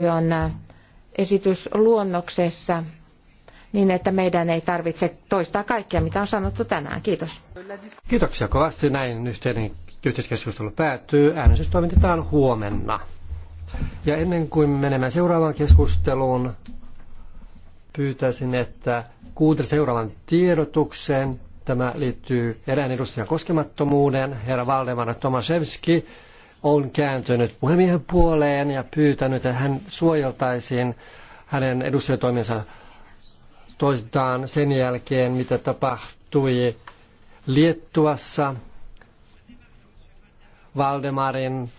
on äh, esitysluonnoksessa niin, että meidän ei tarvitse toistaa kaikkea, mitä on sanottu tänään. Kiitos. Kiitoksia kovasti. Näin yhteinen yhteiskeskustelu päättyy. Äänestys toimitetaan huomenna. Ja ennen kuin menemme seuraavaan keskusteluun, pyytäisin, että kuuntele seuraavan tiedotuksen. Tämä liittyy erään edustajan koskemattomuuden. Herra Valdemar Tomaszewski on kääntynyt puhemiehen puoleen ja pyytänyt, että hän suojeltaisiin hänen edustajatoimensa toistaan sen jälkeen, mitä tapahtui Liettuassa Valdemarin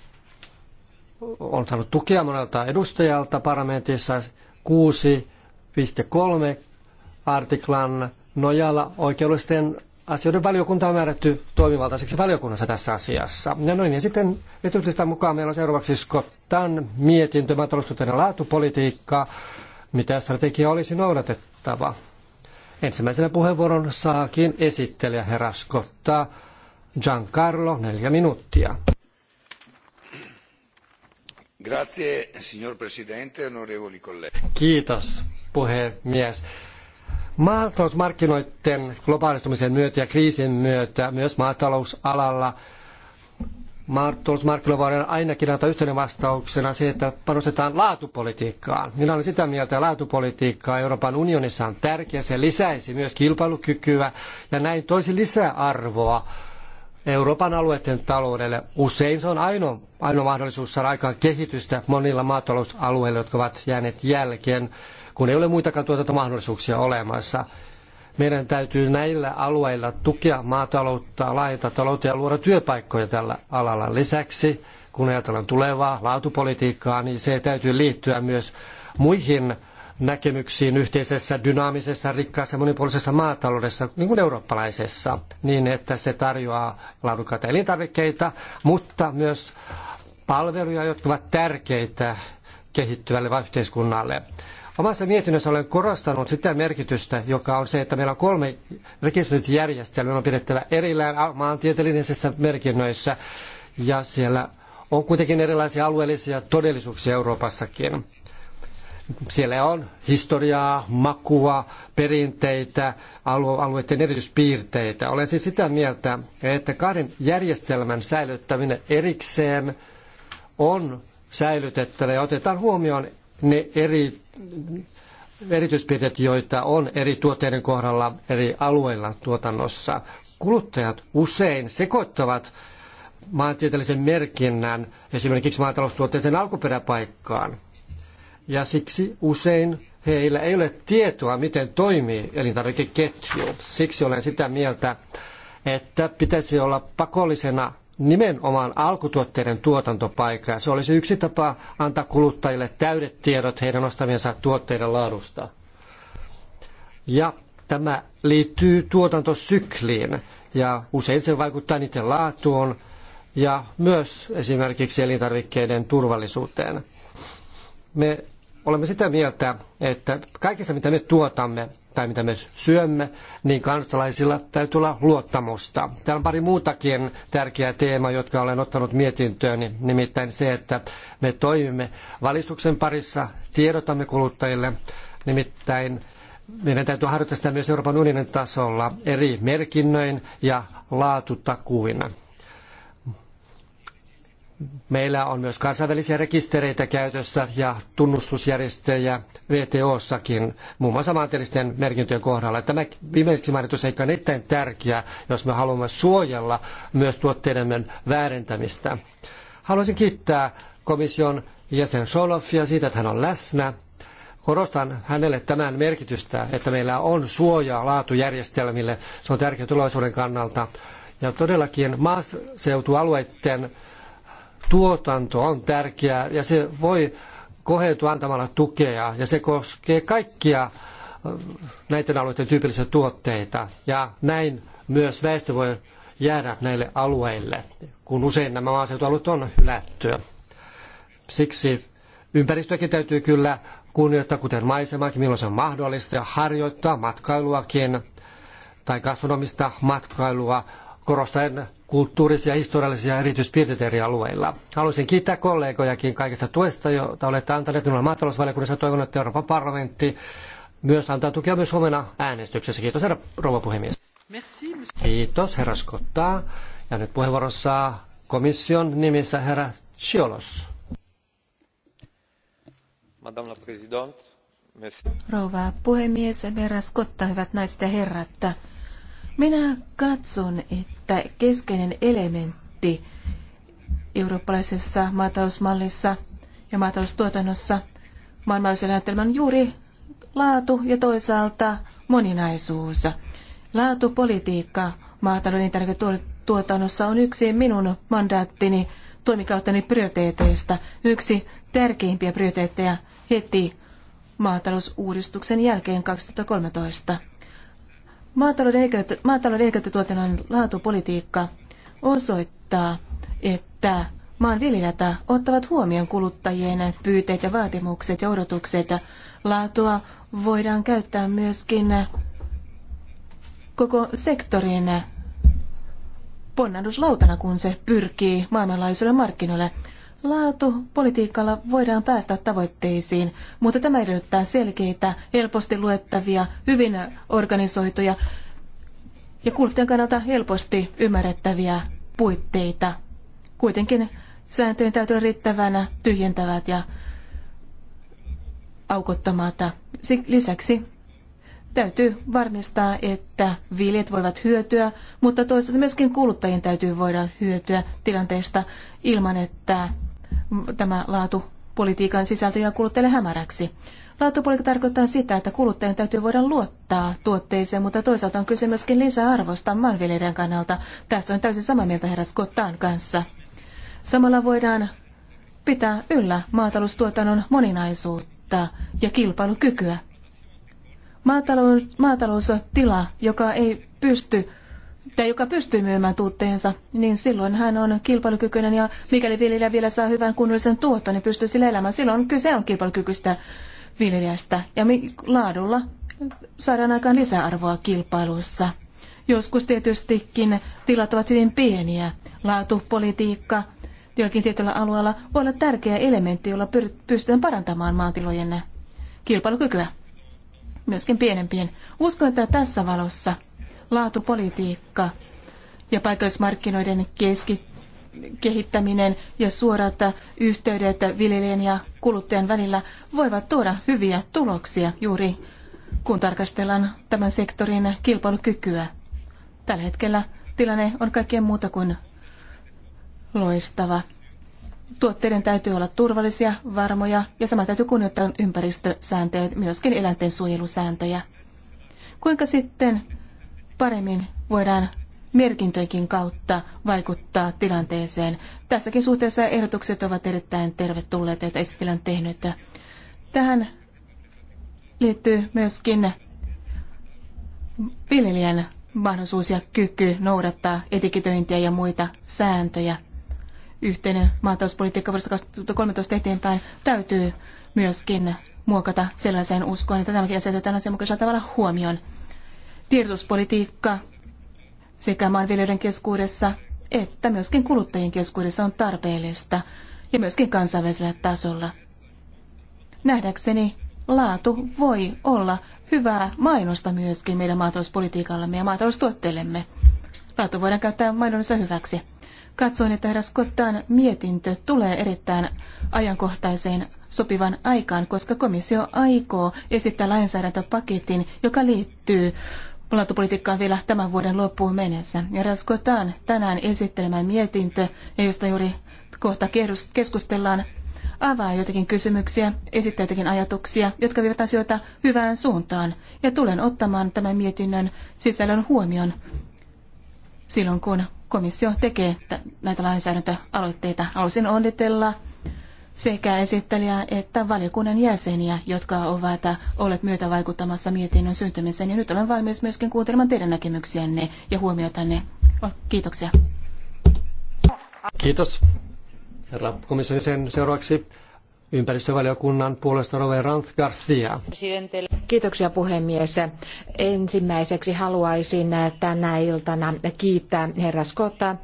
on saanut tukea monelta edustajalta parlamentissa 6.3 artiklan nojalla oikeudellisten asioiden valiokunta on määrätty toimivaltaiseksi valiokunnassa tässä asiassa. Ja noin, ja sitten esityslistan mukaan meillä on seuraavaksi Skottan mietintö maataloustuotteiden laatupolitiikkaa, mitä strategia olisi noudatettava. Ensimmäisenä puheenvuoron saakin esittelijä herra Skotta Giancarlo, neljä minuuttia. Grazie, signor Presidente, onorevoli colleghi. Kiitos, puhemies. Maatalousmarkkinoiden globaalistumisen myötä ja kriisin myötä myös maatalousalalla maatalousmarkkinoilla voidaan ainakin antaa yhtenä vastauksena se, että panostetaan laatupolitiikkaan. Minä olen sitä mieltä, että laatupolitiikka Euroopan unionissa on tärkeä. Se lisäisi myös kilpailukykyä ja näin toisi lisäarvoa Euroopan alueiden taloudelle. Usein se on ainoa, ainoa mahdollisuus saada aikaan kehitystä monilla maatalousalueilla, jotka ovat jääneet jälkeen kun ei ole muitakaan tuotantomahdollisuuksia olemassa. Meidän täytyy näillä alueilla tukea maataloutta, laajentaa taloutta ja luoda työpaikkoja tällä alalla. Lisäksi, kun ajatellaan tulevaa laatupolitiikkaa, niin se täytyy liittyä myös muihin näkemyksiin yhteisessä, dynaamisessa, rikkaassa, monipuolisessa maataloudessa, niin kuin eurooppalaisessa, niin että se tarjoaa laadukkaita elintarvikkeita, mutta myös palveluja, jotka ovat tärkeitä kehittyvälle yhteiskunnalle. Omassa mietinnössä olen korostanut sitä merkitystä, joka on se, että meillä on kolme rekisteröintijärjestelmää on pidettävä erillään maantieteellisissä merkinnöissä ja siellä on kuitenkin erilaisia alueellisia todellisuuksia Euroopassakin. Siellä on historiaa, makua, perinteitä, alueiden erityispiirteitä. Olen siis sitä mieltä, että kahden järjestelmän säilyttäminen erikseen on säilytettävä ja otetaan huomioon ne eri erityispiirteet, joita on eri tuotteiden kohdalla eri alueilla tuotannossa. Kuluttajat usein sekoittavat maantieteellisen merkinnän esimerkiksi maataloustuotteiden alkuperäpaikkaan. Ja siksi usein heillä ei ole tietoa, miten toimii elintarvikeketju. Siksi olen sitä mieltä, että pitäisi olla pakollisena nimenomaan alkutuotteiden tuotantopaikkaa. Se olisi yksi tapa antaa kuluttajille täydet tiedot heidän ostamiensa tuotteiden laadusta. Ja tämä liittyy tuotantosykliin ja usein se vaikuttaa niiden laatuun ja myös esimerkiksi elintarvikkeiden turvallisuuteen. Me olemme sitä mieltä, että kaikessa mitä me tuotamme, tai mitä me syömme, niin kansalaisilla täytyy olla luottamusta. Täällä on pari muutakin tärkeää teemaa, jotka olen ottanut mietintöön, nimittäin se, että me toimimme valistuksen parissa, tiedotamme kuluttajille, nimittäin meidän täytyy harjoittaa sitä myös Euroopan unionin tasolla eri merkinnöin ja laatutakuina. Meillä on myös kansainvälisiä rekistereitä käytössä ja tunnustusjärjestejä VTOssakin, muun muassa maantieteellisten merkintöjen kohdalla. Tämä viimeksi mainittu seikka on erittäin tärkeä, jos me haluamme suojella myös tuotteidemme väärentämistä. Haluaisin kiittää komission jäsen Solofia siitä, että hän on läsnä. Korostan hänelle tämän merkitystä, että meillä on suoja laatujärjestelmille. Se on tärkeä tulevaisuuden kannalta. Ja todellakin maaseutualueiden tuotanto on tärkeää ja se voi kohentua antamalla tukea ja se koskee kaikkia näiden alueiden tyypillisiä tuotteita ja näin myös väestö voi jäädä näille alueille, kun usein nämä maaseutualueet on hylätty. Siksi ympäristöäkin täytyy kyllä kunnioittaa, kuten maisemaakin, milloin se on mahdollista, ja harjoittaa matkailuakin tai gastronomista matkailua korostaen kulttuurisia, historiallisia erityispiirteitä eri alueilla. Haluaisin kiittää kollegojakin kaikesta tuesta, jota olette antaneet minulle maatalousvaliokunnassa. Toivon, että Euroopan parlamentti myös antaa tukea myös huomenna äänestyksessä. Kiitos herra rouva puhemies. Merci. Kiitos herra Skottaa. Ja nyt puheenvuorossa komission nimissä herra Chiolos. Madame la présidente. Rouva puhemies, herra Skotta, hyvät naiset ja herrat. Minä katson, että että keskeinen elementti eurooppalaisessa maatalousmallissa ja maataloustuotannossa maailmallisen on juuri laatu ja toisaalta moninaisuus. Laatupolitiikka maatalouden tuotannossa on yksi minun mandaattini toimikauteni prioriteeteista, yksi tärkeimpiä prioriteetteja heti maatalousuudistuksen jälkeen 2013. Maatalouden elinkeinotuotannon laatupolitiikka osoittaa, että maanviljelijät ottavat huomioon kuluttajien pyyteet ja vaatimukset ja odotukset. Laatua voidaan käyttää myöskin koko sektorin ponnahduslautana, kun se pyrkii maailmanlaajuisille markkinoille. Laatupolitiikalla voidaan päästä tavoitteisiin, mutta tämä edellyttää selkeitä, helposti luettavia, hyvin organisoituja ja kuluttajan kannalta helposti ymmärrettäviä puitteita. Kuitenkin sääntöjen täytyy olla riittävänä tyhjentävät ja aukottomata. Lisäksi täytyy varmistaa, että viljelijät voivat hyötyä, mutta toisaalta myöskin kuluttajien täytyy voida hyötyä tilanteesta ilman, että tämä laatupolitiikan sisältö jää kuluttajille hämäräksi. Laatupolitiikka tarkoittaa sitä, että kuluttajan täytyy voida luottaa tuotteeseen, mutta toisaalta on kyse myöskin lisäarvosta maanviljelijän kannalta. Tässä on täysin samaa mieltä herra Scottaan kanssa. Samalla voidaan pitää yllä maataloustuotannon moninaisuutta ja kilpailukykyä. Maatalous, maatalous on tila, joka ei pysty tai joka pystyy myymään tuotteensa, niin silloin hän on kilpailukykyinen ja mikäli viljelijä vielä saa hyvän kunnollisen tuoton, niin pystyy sillä elämään. Silloin kyse on kilpailukykyistä viljelijästä ja laadulla saadaan aikaan lisäarvoa kilpailussa. Joskus tietystikin tilat ovat hyvin pieniä. Laatupolitiikka jollakin tietyllä alueella voi olla tärkeä elementti, jolla pystytään parantamaan maantilojen kilpailukykyä, myöskin pienempien. Uskon, että tässä valossa – laatupolitiikka ja paikallismarkkinoiden keski, kehittäminen ja suorat yhteydet viljelijän ja kuluttajan välillä voivat tuoda hyviä tuloksia juuri kun tarkastellaan tämän sektorin kilpailukykyä. Tällä hetkellä tilanne on kaikkien muuta kuin loistava. Tuotteiden täytyy olla turvallisia, varmoja ja sama täytyy kunnioittaa ympäristösääntöjä, myöskin eläinten suojelusääntöjä. Kuinka sitten paremmin voidaan merkintöikin kautta vaikuttaa tilanteeseen. Tässäkin suhteessa ehdotukset ovat erittäin tervetulleita, joita esitellä on tehnyt. Tähän liittyy myöskin viljelijän mahdollisuus ja kyky noudattaa etiketöintiä ja muita sääntöjä. Yhteinen maatalouspolitiikka vuodesta 2013 eteenpäin täytyy myöskin muokata sellaiseen uskoon, että tämäkin asia otetaan asianmukaisella tavalla huomioon. Tiedotuspolitiikka sekä maanviljelijöiden keskuudessa että myöskin kuluttajien keskuudessa on tarpeellista ja myöskin kansainvälisellä tasolla. Nähdäkseni laatu voi olla hyvää mainosta myöskin meidän maatalouspolitiikallamme ja maataloustuotteillemme. Laatu voidaan käyttää mainonnassa hyväksi. Katsoin, että herra Scottan mietintö tulee erittäin ajankohtaiseen sopivan aikaan, koska komissio aikoo esittää lainsäädäntöpaketin, joka liittyy on vielä tämän vuoden loppuun mennessä. Ja raskotaan tänään esittelemään mietintö, josta juuri kohta keskustellaan, avaa jotakin kysymyksiä, esittää jotakin ajatuksia, jotka vievät asioita hyvään suuntaan. Ja tulen ottamaan tämän mietinnön sisällön huomioon silloin, kun komissio tekee näitä lainsäädäntöaloitteita. Haluaisin onnitella sekä esittelijää että valiokunnan jäseniä, jotka ovat olleet myötävaikuttamassa vaikuttamassa mietinnön syntymiseen. Ja nyt olen valmis myöskin kuuntelemaan teidän näkemyksiänne ja huomiotanne. Oh, kiitoksia. Kiitos. Herra komission sen seuraavaksi ympäristövaliokunnan puolesta Rove Ranth Garcia. Kiitoksia puhemies. Ensimmäiseksi haluaisin tänä iltana kiittää herra Scotta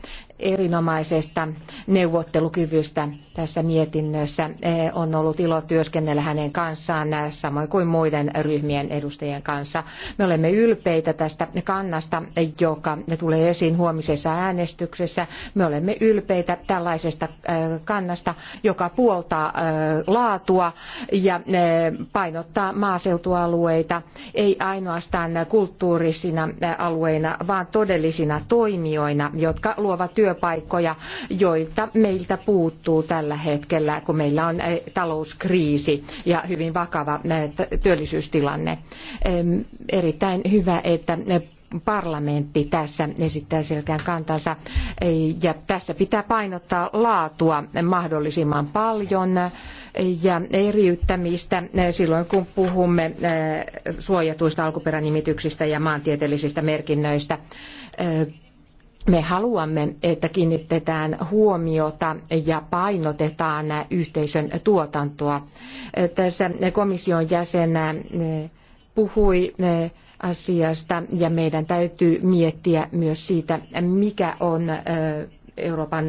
erinomaisesta neuvottelukyvystä tässä mietinnössä. E, on ollut ilo työskennellä hänen kanssaan, samoin kuin muiden ryhmien edustajien kanssa. Me olemme ylpeitä tästä kannasta, joka tulee esiin huomisessa äänestyksessä. Me olemme ylpeitä tällaisesta kannasta, joka puoltaa laatua ja painottaa maaseutualueita, ei ainoastaan kulttuurisina alueina, vaan todellisina toimijoina, jotka luovat työ työpaikkoja, joilta meiltä puuttuu tällä hetkellä, kun meillä on eh, talouskriisi ja hyvin vakava eh, työllisyystilanne. Erittäin hyvä, että eh, parlamentti tässä esittää selkeän kantansa. Ja tässä pitää painottaa laatua mahdollisimman paljon ja eriyttämistä silloin, kun puhumme suojatuista alkuperänimityksistä ja maantieteellisistä merkinnöistä me haluamme, että kiinnitetään huomiota ja painotetaan yhteisön tuotantoa. Tässä komission jäsen puhui asiasta ja meidän täytyy miettiä myös siitä, mikä on Euroopan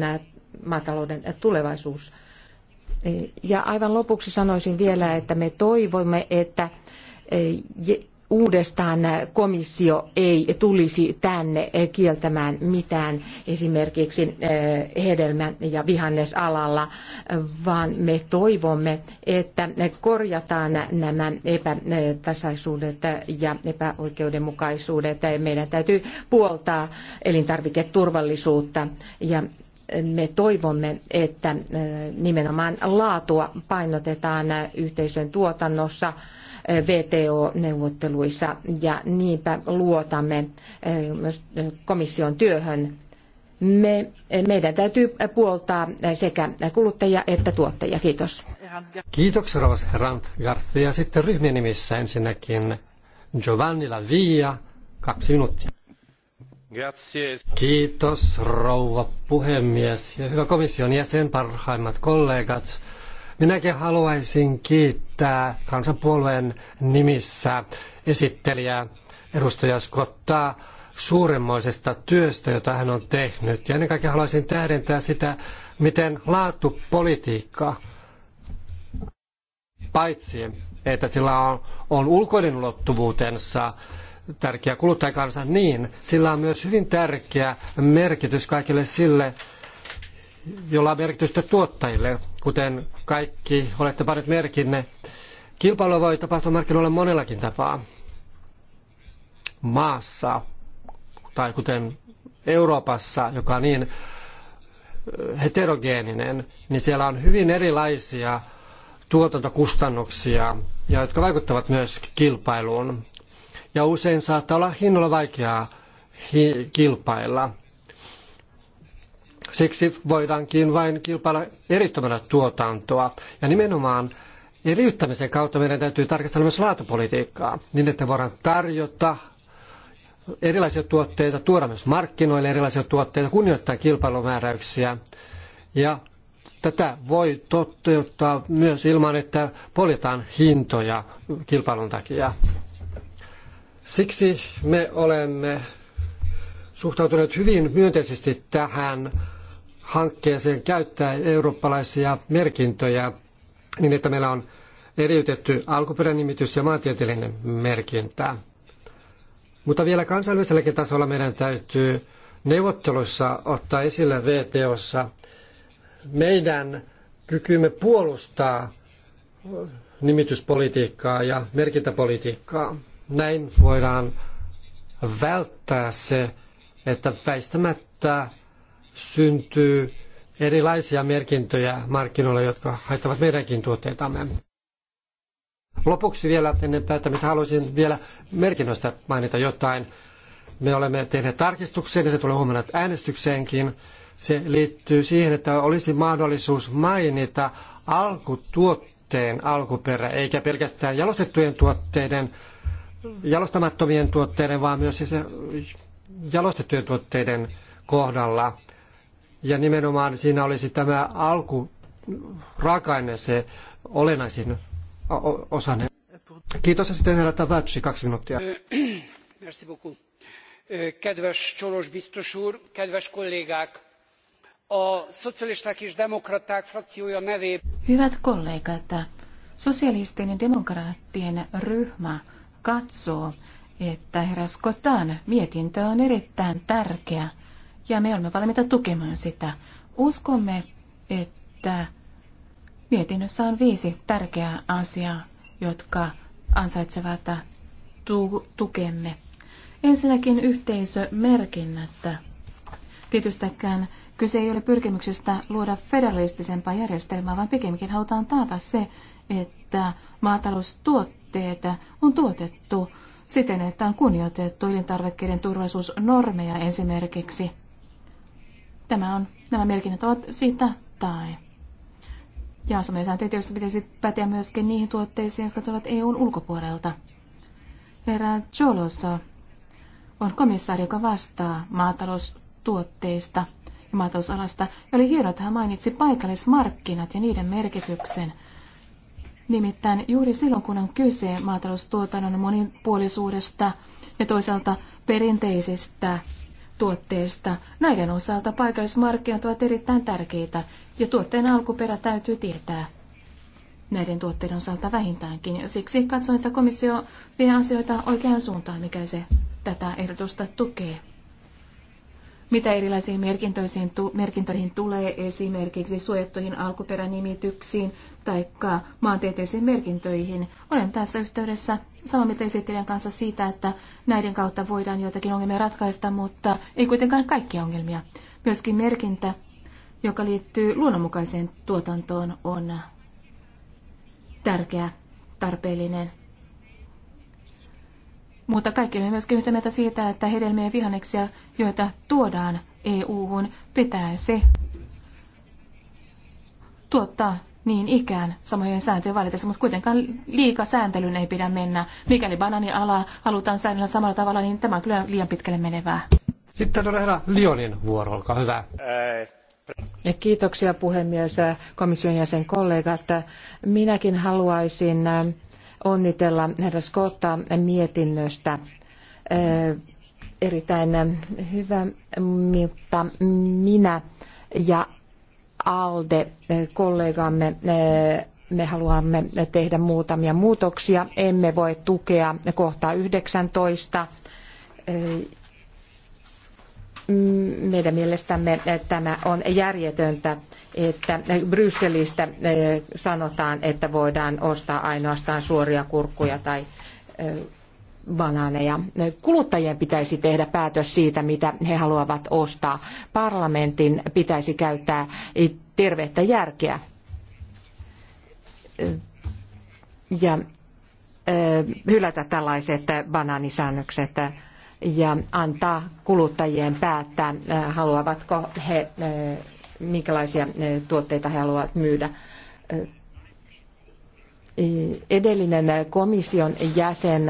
maatalouden tulevaisuus. Ja aivan lopuksi sanoisin vielä, että me toivomme, että uudestaan komissio ei tulisi tänne kieltämään mitään esimerkiksi eh, hedelmä- ja vihannesalalla, vaan me toivomme, että korjataan nämä epätasaisuudet ja epäoikeudenmukaisuudet. Meidän täytyy puoltaa elintarviketurvallisuutta ja me toivomme, että eh, nimenomaan laatua painotetaan yhteisön tuotannossa VTO-neuvotteluissa ja niinpä luotamme eh, myös komission työhön. Me, eh, meidän täytyy puoltaa sekä kuluttajia että tuottajia. Kiitos. Kiitoksia, Rovas Rant Garcia. Sitten ryhmien nimissä ensinnäkin Giovanni Lavia, kaksi minuuttia. Kiitos rouva puhemies ja hyvä komission jäsen, parhaimmat kollegat. Minäkin haluaisin kiittää kansanpuolueen nimissä esittelijää edustaja Skottaa suuremmoisesta työstä, jota hän on tehnyt. Ja ennen kaikkea haluaisin tähdentää sitä, miten laatu-politiikka paitsi että sillä on, on ulkoinen ulottuvuutensa tärkeä kuluttajakansa, niin sillä on myös hyvin tärkeä merkitys kaikille sille, jolla on merkitystä tuottajille. Kuten kaikki olette panneet merkinne, kilpailu voi tapahtua markkinoilla monellakin tapaa. Maassa tai kuten Euroopassa, joka on niin heterogeeninen, niin siellä on hyvin erilaisia tuotantokustannuksia, ja jotka vaikuttavat myös kilpailuun. Ja usein saattaa olla hinnoilla vaikeaa kilpailla. Siksi voidaankin vain kilpailla eriyttämällä tuotantoa. Ja nimenomaan eriyttämisen kautta meidän täytyy tarkastella myös laatupolitiikkaa, niin että voidaan tarjota erilaisia tuotteita, tuoda myös markkinoille erilaisia tuotteita, kunnioittaa kilpailumääräyksiä. Ja tätä voi toteuttaa myös ilman, että poljetaan hintoja kilpailun takia. Siksi me olemme suhtautuneet hyvin myönteisesti tähän hankkeeseen käyttää eurooppalaisia merkintöjä niin, että meillä on eriytetty alkuperänimitys ja maantieteellinen merkintä. Mutta vielä kansainväliselläkin tasolla meidän täytyy neuvotteluissa ottaa esille VTOssa meidän kykymme puolustaa nimityspolitiikkaa ja merkintäpolitiikkaa. Näin voidaan välttää se, että väistämättä syntyy erilaisia merkintöjä markkinoille, jotka haittavat meidänkin tuotteitamme. Lopuksi vielä ennen päättämistä haluaisin vielä merkinnöistä mainita jotain. Me olemme tehneet tarkistuksen ja se tulee huomenna äänestykseenkin. Se liittyy siihen, että olisi mahdollisuus mainita alkutuotteen alkuperä, eikä pelkästään jalostettujen tuotteiden, jalostamattomien tuotteiden, vaan myös siis jalostettujen tuotteiden kohdalla. Ja nimenomaan siinä olisi tämä alku, raaka-aine se olennaisin osainen. Kiitos ja sitten herra Tavatsi, kaksi minuuttia. Merci Kedves Csolos biztos úr, kedves kollégák! A szocialisták és demokraták frakciója nevé... Hyvät kollégat, sosialistien ja demokraattien ryhmä katsoo, että herra Skotan mietintö on erittäin tärkeä – ja me olemme valmiita tukemaan sitä. Uskomme, että mietinnössä on viisi tärkeää asiaa, jotka ansaitsevat tu- tukemme. Ensinnäkin yhteisömerkinnät. Tietystäkään kyse ei ole pyrkimyksestä luoda federalistisempaa järjestelmää, vaan pikemminkin halutaan taata se, että maataloustuotteet on tuotettu siten, että on kunnioitettu elintarvikkeiden turvallisuusnormeja esimerkiksi – Tämä on, nämä merkinnät ovat sitä tai. Ja samoja sääntöjä tietysti pitäisi päteä myöskin niihin tuotteisiin, jotka tulevat EUn ulkopuolelta. Herra Joloso on komissaari, joka vastaa maataloustuotteista ja maatalousalasta. Ja oli hienoa, että hän mainitsi paikallismarkkinat ja niiden merkityksen. Nimittäin juuri silloin, kun on kyse maataloustuotannon monipuolisuudesta ja toisaalta perinteisistä tuotteista. Näiden osalta paikallismarkkinat ovat erittäin tärkeitä ja tuotteen alkuperä täytyy tietää näiden tuotteiden osalta vähintäänkin. Ja siksi katsoin, että komissio vie asioita oikeaan suuntaan, mikä se tätä ehdotusta tukee mitä erilaisiin merkintöihin, merkintöihin tulee, esimerkiksi suojattuihin alkuperänimityksiin tai maantieteisiin merkintöihin. Olen tässä yhteydessä samaa mieltä esittelijän kanssa siitä, että näiden kautta voidaan joitakin ongelmia ratkaista, mutta ei kuitenkaan kaikkia ongelmia. Myöskin merkintä, joka liittyy luonnonmukaiseen tuotantoon, on tärkeä, tarpeellinen mutta kaikki olemme myöskin yhtä mieltä siitä, että hedelmiä ja vihanneksia, joita tuodaan EU-hun, pitää se tuottaa niin ikään samojen sääntöjen valitessa, mutta kuitenkaan liika sääntelyn ei pidä mennä. Mikäli bananialaa halutaan säännellä samalla tavalla, niin tämä on kyllä liian pitkälle menevää. Sitten on herra Lionin vuoro, olkaa hyvä. Kiitoksia puhemies, komission jäsen kollegat. Minäkin haluaisin onnitella herra Scotta mietinnöstä. Äh, erittäin hyvä, mutta minä ja Alde äh, kollegamme äh, me haluamme tehdä muutamia muutoksia. Emme voi tukea kohtaa 19 Mm, meidän mielestämme eh, tämä on järjetöntä, että eh, Brysselistä eh, sanotaan, että voidaan ostaa ainoastaan suoria kurkkuja tai banaaneja. Kuluttajien pitäisi tehdä päätös siitä, mitä he haluavat ostaa. Parlamentin pitäisi käyttää tervettä järkeä. Ja hylätä tällaiset banaanisäännökset ja antaa kuluttajien päättää, äh, haluavatko he, äh, minkälaisia äh, tuotteita he haluavat myydä. Edellinen komission jäsen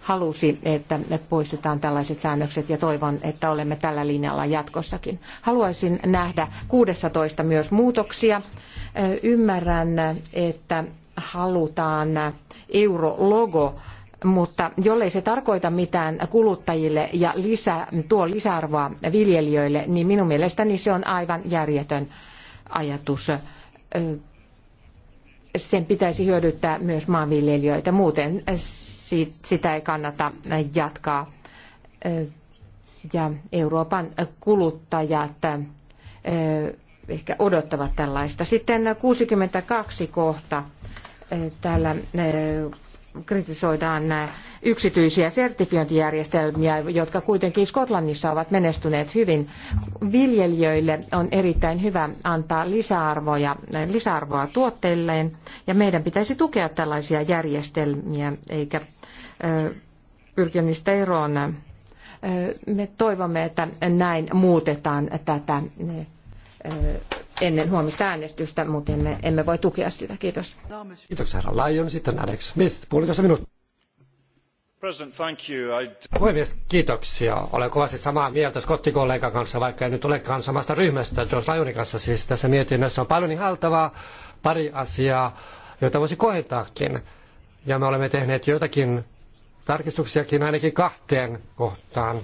halusi, että poistetaan tällaiset säännökset ja toivon, että olemme tällä linjalla jatkossakin. Haluaisin nähdä 16 myös muutoksia. Ymmärrän, että halutaan eurologo mutta jollei se tarkoita mitään kuluttajille ja lisä tuo lisäarvoa viljelijöille, niin minun mielestäni se on aivan järjetön ajatus. Sen pitäisi hyödyttää myös maanviljelijöitä, muuten sitä ei kannata jatkaa. Ja Euroopan kuluttajat ehkä odottavat tällaista. Sitten 62 kohta täällä kritisoidaan äh, yksityisiä sertifiointijärjestelmiä, jotka kuitenkin Skotlannissa ovat menestyneet hyvin. Viljelijöille on erittäin hyvä antaa lisäarvoja, äh, lisäarvoa tuotteilleen ja meidän pitäisi tukea tällaisia järjestelmiä eikä äh, pyrkiä niistä eroon. Me toivomme, että näin muutetaan tätä ennen huomista äänestystä, mutta emme, emme voi tukea sitä. Kiitos. Kiitoksia herra Lyon. Sitten Alex Smith, puolitoista minuuttia. Puhemies, kiitoksia. Olen kovasti samaa mieltä skottikollegan kanssa, vaikka en nyt olekaan samasta ryhmästä, George Lyonin kanssa siis tässä mietinnössä. On paljon ihaltavaa, niin pari asiaa, joita voisi kohentaakin. Ja me olemme tehneet joitakin tarkistuksiakin ainakin kahteen kohtaan.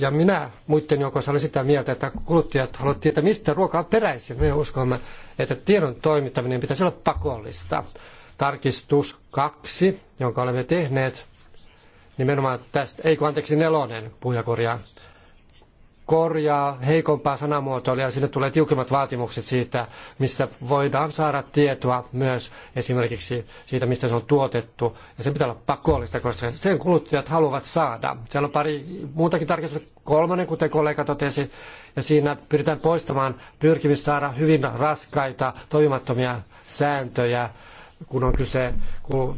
Ja minä muiden joukossa olen sitä mieltä, että kuluttajat haluavat tietää, mistä ruoka on peräisin. Me uskomme, että tiedon toimittaminen pitäisi olla pakollista. Tarkistus kaksi, jonka olemme tehneet, nimenomaan tästä, ei kun anteeksi nelonen, korjaa korjaa heikompaa sanamuotoilua ja sinne tulee tiukemmat vaatimukset siitä, mistä voidaan saada tietoa myös esimerkiksi siitä, mistä se on tuotettu. Ja sen pitää olla pakollista, koska sen kuluttajat haluavat saada. Siellä on pari muutakin tarkistusta, kolmannen, kuten kollega totesi, ja siinä pyritään poistamaan pyrkimys saada hyvin raskaita, toimimattomia sääntöjä, kun on kyse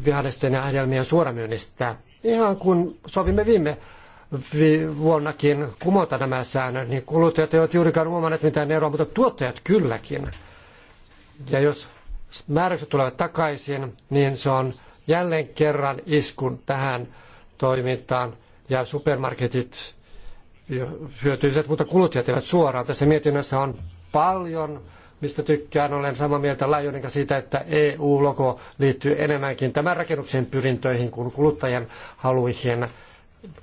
vihannesten ja hedelmien suoramyynnistä. Ihan kun sovimme viime vuonnakin kumota nämä säännöt, niin kuluttajat eivät juurikaan huomanneet mitään eroa, mutta tuottajat kylläkin. Ja jos määräykset tulevat takaisin, niin se on jälleen kerran iskun tähän toimintaan ja supermarketit hyötyisivät, mutta kuluttajat eivät suoraan. Tässä mietinnössä on paljon, mistä tykkään. Olen samaa mieltä Laajonen siitä, että EU-logo liittyy enemmänkin tämän rakennuksen pyrintöihin kuin kuluttajien haluihin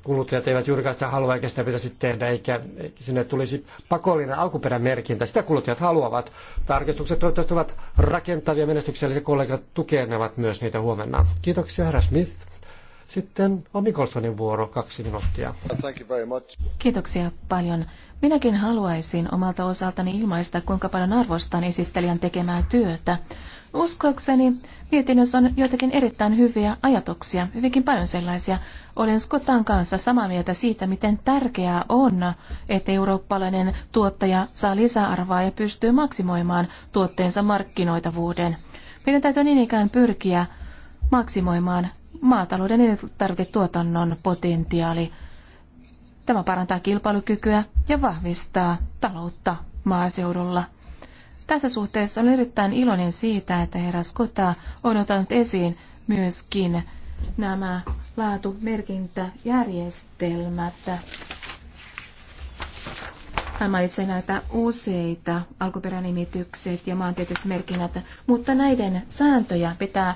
kuluttajat eivät juurikaan sitä halua eikä sitä pitäisi tehdä, eikä sinne tulisi pakollinen alkuperämerkintä. Sitä kuluttajat haluavat. Tarkistukset toivottavasti ovat rakentavia menestyksellisiä kollegat tukenevat myös niitä huomenna. Kiitoksia, herra Smith. Sitten on Nikolsonin vuoro, kaksi minuuttia. Kiitoksia paljon. Minäkin haluaisin omalta osaltani ilmaista, kuinka paljon arvostan esittelijän tekemää työtä. Uskoakseni mietinnössä on joitakin erittäin hyviä ajatuksia, hyvinkin paljon sellaisia. Olen Skotan kanssa samaa mieltä siitä, miten tärkeää on, että eurooppalainen tuottaja saa lisäarvoa ja pystyy maksimoimaan tuotteensa markkinoitavuuden. Meidän täytyy niin ikään pyrkiä maksimoimaan maatalouden elintarviketuotannon potentiaali. Tämä parantaa kilpailukykyä ja vahvistaa taloutta maaseudulla. Tässä suhteessa olen erittäin iloinen siitä, että herra Skota on ottanut esiin myöskin nämä laatumerkintäjärjestelmät. Hän mainitsee näitä useita alkuperänimitykset ja maantieteelliset merkinnät, mutta näiden sääntöjä pitää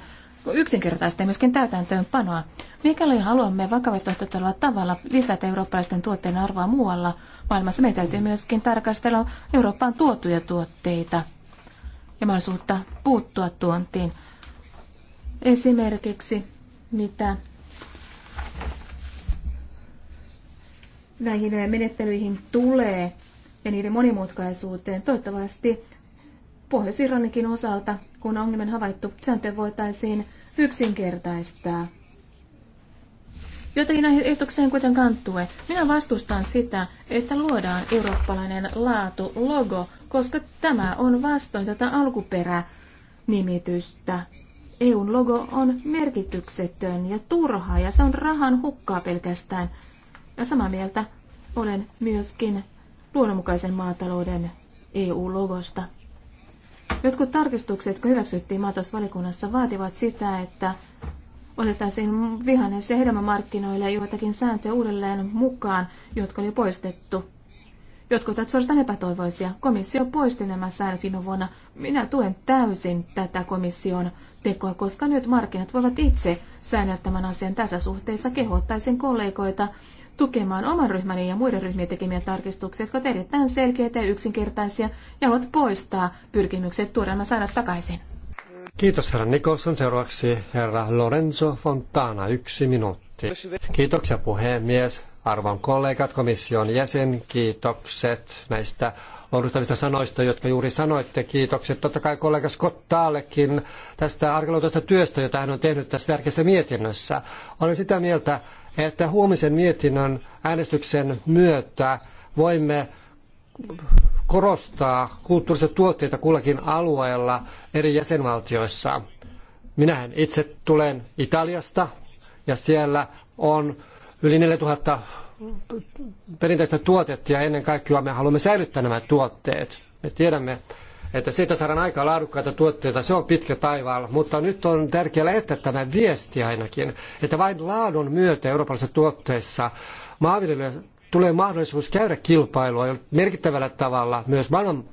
yksinkertaista ja myöskin täytäntöönpanoa. Mikäli haluamme vakavasti otettavalla tavalla lisätä eurooppalaisten tuotteiden arvoa muualla maailmassa, meidän täytyy myöskin tarkastella Eurooppaan tuotuja tuotteita ja mahdollisuutta puuttua tuontiin. Esimerkiksi mitä näihin menettelyihin tulee ja niiden monimutkaisuuteen. Toivottavasti Pohjois-Irlanninkin osalta, kun ongelmien havaittu, sääntöjä voitaisiin yksinkertaistaa. Jotenkin näihin ehdotukseen kuitenkaan tue. Minä vastustan sitä, että luodaan eurooppalainen laatu-logo, koska tämä on vastoin tätä alkuperänimitystä. EUn logo on merkityksetön ja turha ja se on rahan hukkaa pelkästään. Ja samaa mieltä olen myöskin luonnonmukaisen maatalouden EU-logosta. Jotkut tarkistukset, jotka hyväksyttiin maatalousvalikunnassa, vaativat sitä, että otettaisiin vihannes- ja hedelmämarkkinoille joitakin sääntöjä uudelleen mukaan, jotka oli poistettu. Jotkut ovat suorastaan epätoivoisia. Komissio poisti nämä säännöt viime vuonna. Minä tuen täysin tätä komission tekoa, koska nyt markkinat voivat itse säännellä tämän asian tässä suhteessa. Kehottaisin kollegoita tukemaan oman ryhmäni ja muiden ryhmien tekemiä tarkistuksia, jotka ovat erittäin selkeitä ja yksinkertaisia ja haluat poistaa pyrkimykset tuoreemman saada takaisin. Kiitos herra Nikolson. Seuraavaksi herra Lorenzo Fontana, yksi minuutti. Kiitoksia puhemies, arvon kollegat, komission jäsen, kiitokset näistä lohduttavista sanoista, jotka juuri sanoitte. Kiitokset totta kai kollega Scottaallekin tästä arkeologisesta työstä, jota hän on tehnyt tässä tärkeässä mietinnössä. Olen sitä mieltä, että huomisen mietinnön äänestyksen myötä voimme korostaa kulttuurisia tuotteita kullakin alueella eri jäsenvaltioissa. Minähän itse tulen Italiasta ja siellä on yli 4000 perinteistä tuotetta ja ennen kaikkea me haluamme säilyttää nämä tuotteet. Me tiedämme, että siitä saadaan aika laadukkaita tuotteita, se on pitkä taivaalla, mutta nyt on tärkeää lähettää tämä viesti ainakin, että vain laadun myötä eurooppalaisissa tuotteissa maanviljelijöille tulee mahdollisuus käydä kilpailua merkittävällä tavalla myös maailman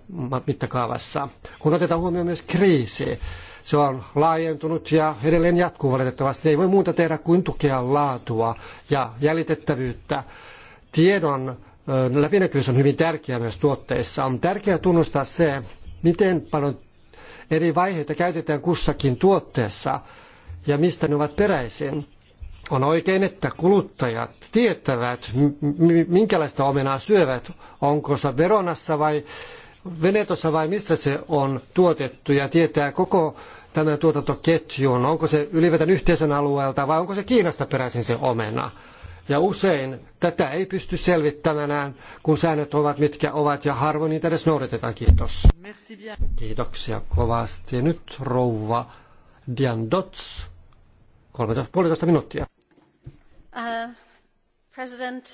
mittakaavassa, kun otetaan huomioon myös kriisi. Se on laajentunut ja edelleen jatkuu valitettavasti. Ei voi muuta tehdä kuin tukea laatua ja jäljitettävyyttä. Tiedon läpinäkyvyys on hyvin tärkeää myös tuotteissa. On tärkeää tunnustaa se, miten paljon eri vaiheita käytetään kussakin tuotteessa ja mistä ne ovat peräisin. On oikein, että kuluttajat tietävät, minkälaista omenaa syövät, onko se veronassa vai venetossa vai mistä se on tuotettu ja tietää koko tämän tuotantoketjun, onko se ylipäätään yhteisön alueelta vai onko se Kiinasta peräisin se omena. Ja usein tätä ei pysty selvittämään, kun säännöt ovat mitkä ovat ja harvoin niitä edes noudatetaan. Kiitos. Kiitoksia kovasti. Nyt rouva Dian Dots, 13, minuuttia. Uh, president.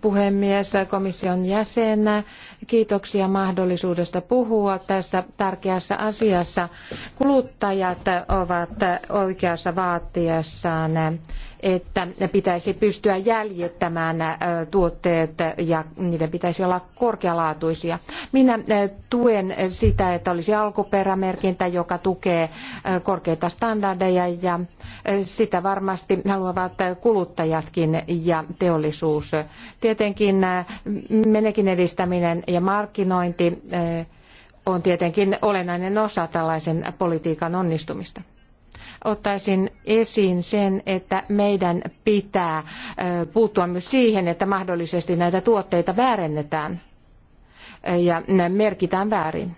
Puhemies, komission jäsen, kiitoksia mahdollisuudesta puhua tässä tärkeässä asiassa. Kuluttajat ovat oikeassa vaatiessaan että pitäisi pystyä jäljittämään tuotteet ja niiden pitäisi olla korkealaatuisia. Minä tuen sitä, että olisi alkuperämerkintä, joka tukee korkeita standardeja ja sitä varmasti haluavat kuluttajatkin ja teollisuus. Tietenkin menekin edistäminen ja markkinointi on tietenkin olennainen osa tällaisen politiikan onnistumista ottaisin esiin sen, että meidän pitää puuttua myös siihen, että mahdollisesti näitä tuotteita väärennetään ja merkitään väärin.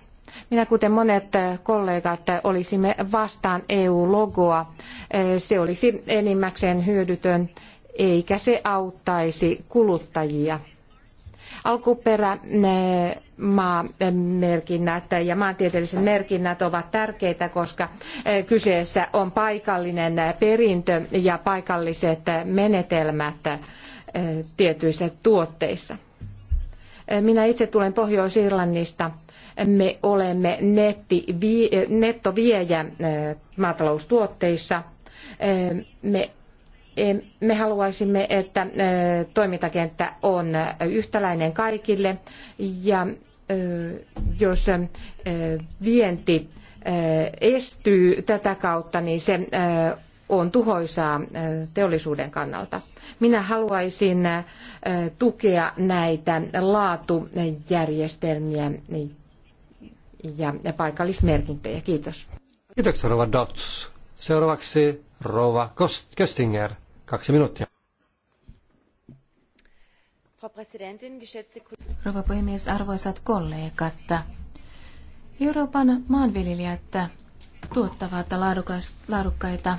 Minä kuten monet kollegat olisimme vastaan EU-logoa. Se olisi enimmäkseen hyödytön eikä se auttaisi kuluttajia Alkuperämaamerkinnät ja maantieteelliset merkinnät ovat tärkeitä, koska eh, kyseessä on paikallinen perintö ja paikalliset menetelmät eh, tietyissä tuotteissa. Eh, minä itse tulen Pohjois-Irlannista. Me olemme netti, nettoviejä maataloustuotteissa. Me me haluaisimme, että toimintakenttä on yhtäläinen kaikille ja jos vienti estyy tätä kautta, niin se on tuhoisaa teollisuuden kannalta. Minä haluaisin tukea näitä laatujärjestelmiä ja paikallismerkintöjä. Kiitos. Kiitoksia, Rova Dots. Seuraavaksi Rova Köstinger, kaksi minuuttia. Rouva puhemies, arvoisat kollegat. Euroopan maanviljelijät tuottavat laadukkaita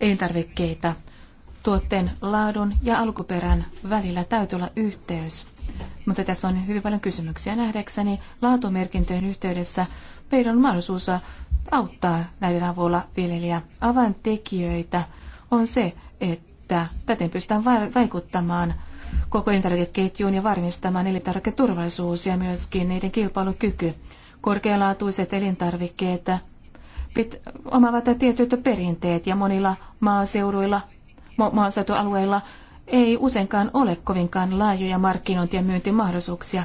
elintarvikkeita. Tuotteen laadun ja alkuperän välillä täytyy olla yhteys. Mutta tässä on hyvin paljon kysymyksiä nähdäkseni. Laatumerkintöjen yhteydessä meillä on mahdollisuus auttaa näiden avulla viljelijä. Avaintekijöitä on se, että täten pystytään vaikuttamaan koko elintarvikeketjuun ja varmistamaan elintarviketurvallisuus ja myöskin niiden kilpailukyky. Korkealaatuiset elintarvikkeet pit, omaavat tietyt perinteet ja monilla maaseuduilla, maaseutualueilla ei useinkaan ole kovinkaan laajoja markkinointi- ja myyntimahdollisuuksia.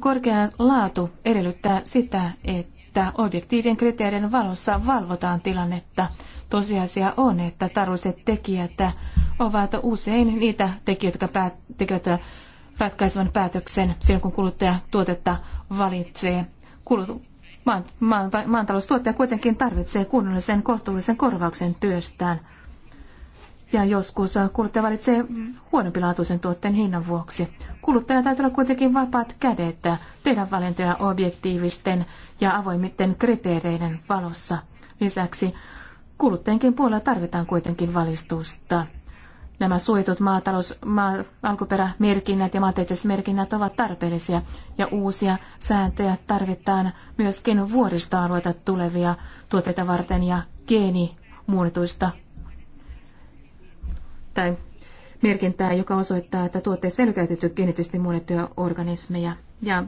Korkea laatu edellyttää sitä, että että objektiivien kriteerien valossa valvotaan tilannetta. Tosiasia on, että taloudelliset tekijät ovat usein niitä tekijöitä, jotka päät- tekevät ratkaisevan päätöksen silloin, kun kuluttaja tuotetta valitsee. Kulut- maan- maan- maantaloustuottaja kuitenkin tarvitsee kunnollisen kohtuullisen korvauksen työstään ja joskus kuluttaja valitsee huonompilaatuisen tuotteen hinnan vuoksi. Kuluttajana täytyy olla kuitenkin vapaat kädet tehdä valintoja objektiivisten ja avoimitten kriteereiden valossa. Lisäksi kuluttajienkin puolella tarvitaan kuitenkin valistusta. Nämä suojatut maatalous, maa, alkuperämerkinnät ja maantieteellismerkinnät ovat tarpeellisia ja uusia sääntöjä tarvitaan myöskin vuoristoalueita tulevia tuotteita varten ja geenimuunnituista tai merkintää, joka osoittaa, että tuotteessa ei ole käytetty geneettisesti muunnettuja organismeja. Ja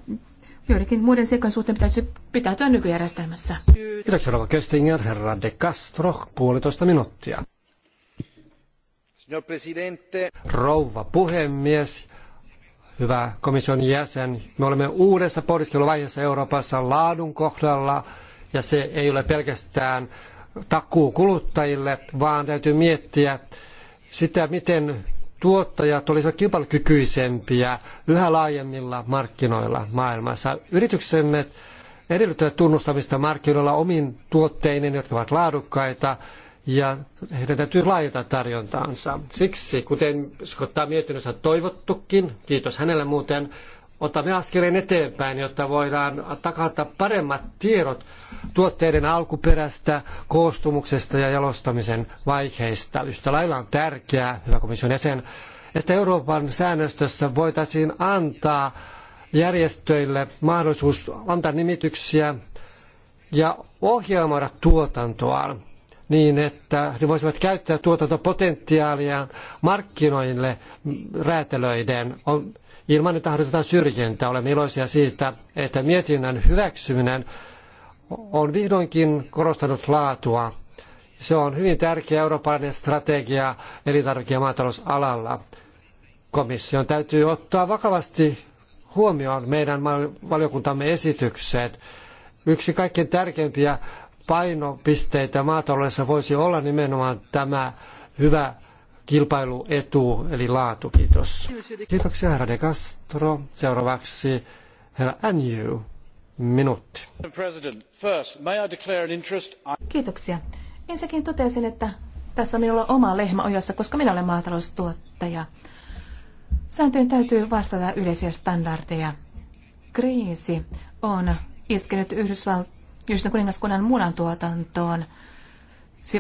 joidenkin muiden seikkojen suhteen pitäisi pitäytyä nykyjärjestelmässä. Kiitoksia Rova Köstinger, herra De Castro, puolitoista minuuttia. Signor Presidente. Rouva puhemies, hyvä komission jäsen, me olemme uudessa pohdiskeluvaiheessa Euroopassa laadun kohdalla, ja se ei ole pelkästään takuu kuluttajille, vaan täytyy miettiä, sitä, miten tuottajat olisivat kilpailukykyisempiä yhä laajemmilla markkinoilla maailmassa. Yrityksemme edellyttävät tunnustamista markkinoilla omin tuotteineen jotka ovat laadukkaita, ja heidän täytyy laajentaa tarjontaansa. Siksi, kuten Skottaa mietinnössä on toivottukin, kiitos hänelle muuten, otamme askeleen eteenpäin, jotta voidaan takata paremmat tiedot tuotteiden alkuperästä, koostumuksesta ja jalostamisen vaiheista. Yhtä lailla on tärkeää, hyvä komission jäsen, että Euroopan säännöstössä voitaisiin antaa järjestöille mahdollisuus antaa nimityksiä ja ohjelmoida tuotantoaan niin, että ne voisivat käyttää tuotantopotentiaalia markkinoille räätälöiden ilman, että harjoitetaan syrjintää. Olemme iloisia siitä, että mietinnön hyväksyminen on vihdoinkin korostanut laatua. Se on hyvin tärkeä eurooppalainen strategia elintarvike- ja maatalousalalla. Komission täytyy ottaa vakavasti huomioon meidän valiokuntamme esitykset. Yksi kaikkein tärkeimpiä painopisteitä maataloudessa voisi olla nimenomaan tämä hyvä kilpailuetu eli laatu. Kiitos. Kiitoksia herra De Castro. Seuraavaksi herra Anju. Minuutti. Kiitoksia. Ensinnäkin totesin, että tässä on minulla oma lehmä ojassa, koska minä olen maataloustuottaja. Sääntöjen täytyy vastata yleisiä standardeja. Kriisi on iskenyt Yhdysvaltain kuningaskunnan munantuotantoon,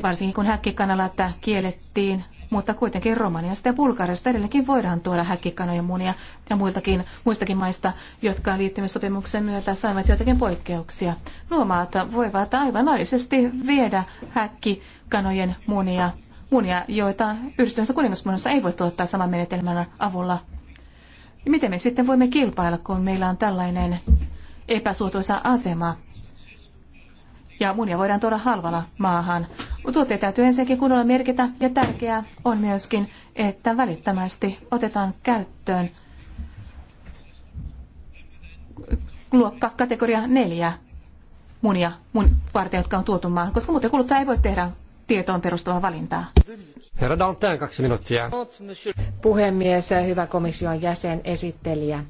varsinkin kun häkkikanalat kiellettiin mutta kuitenkin Romaniasta ja Bulgariasta edelleenkin voidaan tuoda häkkikanojen munia ja muiltakin, muistakin maista, jotka liittymissopimuksen myötä saivat joitakin poikkeuksia. Nuo maat voivat aivan laillisesti viedä häkkikanojen munia, munia joita yhdistyneessä kuningaskunnassa ei voi tuottaa saman menetelmän avulla. Miten me sitten voimme kilpailla, kun meillä on tällainen epäsuotuisa asema ja munia voidaan tuoda halvalla maahan. Tuotteet täytyy ensinnäkin kunnolla merkitä ja tärkeää on myöskin, että välittömästi otetaan käyttöön luokka kategoria neljä munia mun varten, jotka on tuotu maahan, koska muuten kuluttaja ei voi tehdä tietoon perustuvaa valintaa. Herra Dantin, kaksi minuuttia. Puhemies, hyvä komission jäsen, esittelijä.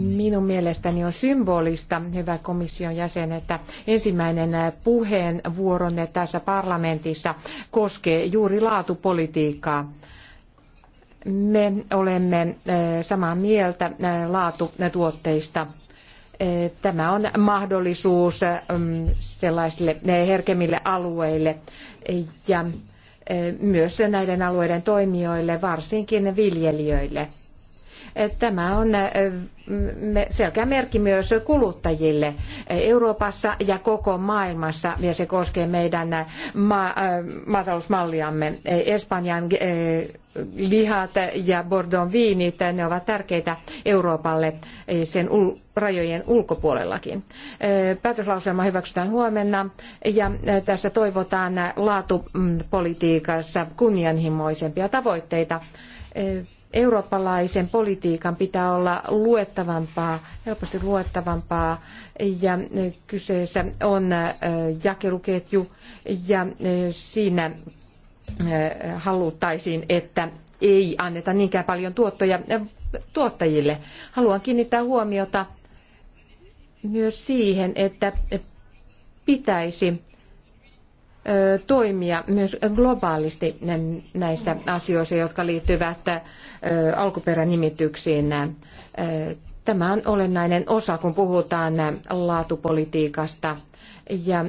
Minun mielestäni on symbolista, hyvä komission jäsen, että ensimmäinen puheenvuoronne tässä parlamentissa koskee juuri laatupolitiikkaa. Me olemme eh, samaa mieltä eh, laatutuotteista eh, tämä on mahdollisuus mm, sellaisille herkemmille alueille ja myös näiden alueiden toimijoille, varsinkin viljelijöille. Tämä on äh, selkeä merkki myös kuluttajille Euroopassa ja koko maailmassa, ja se koskee meidän äh, ma- äh, maatalousmalliamme. Espanjan lihat ja Bordeaux viinit, ne ovat tärkeitä Euroopalle sen rajojen ulkopuolellakin. Päätöslauselma hyväksytään huomenna ja tässä toivotaan laatupolitiikassa kunnianhimoisempia tavoitteita eurooppalaisen politiikan pitää olla luettavampaa, helposti luettavampaa ja e, kyseessä on e, jakeluketju ja e, siinä haluttaisiin, että ei anneta niinkään paljon tuottoja tuottajille. Haluan kiinnittää huomiota myös siihen, että pitäisi toimia myös globaalisti näissä asioissa, jotka liittyvät alkuperänimityksiin. Tämä on olennainen osa, kun puhutaan laatupolitiikasta. Ja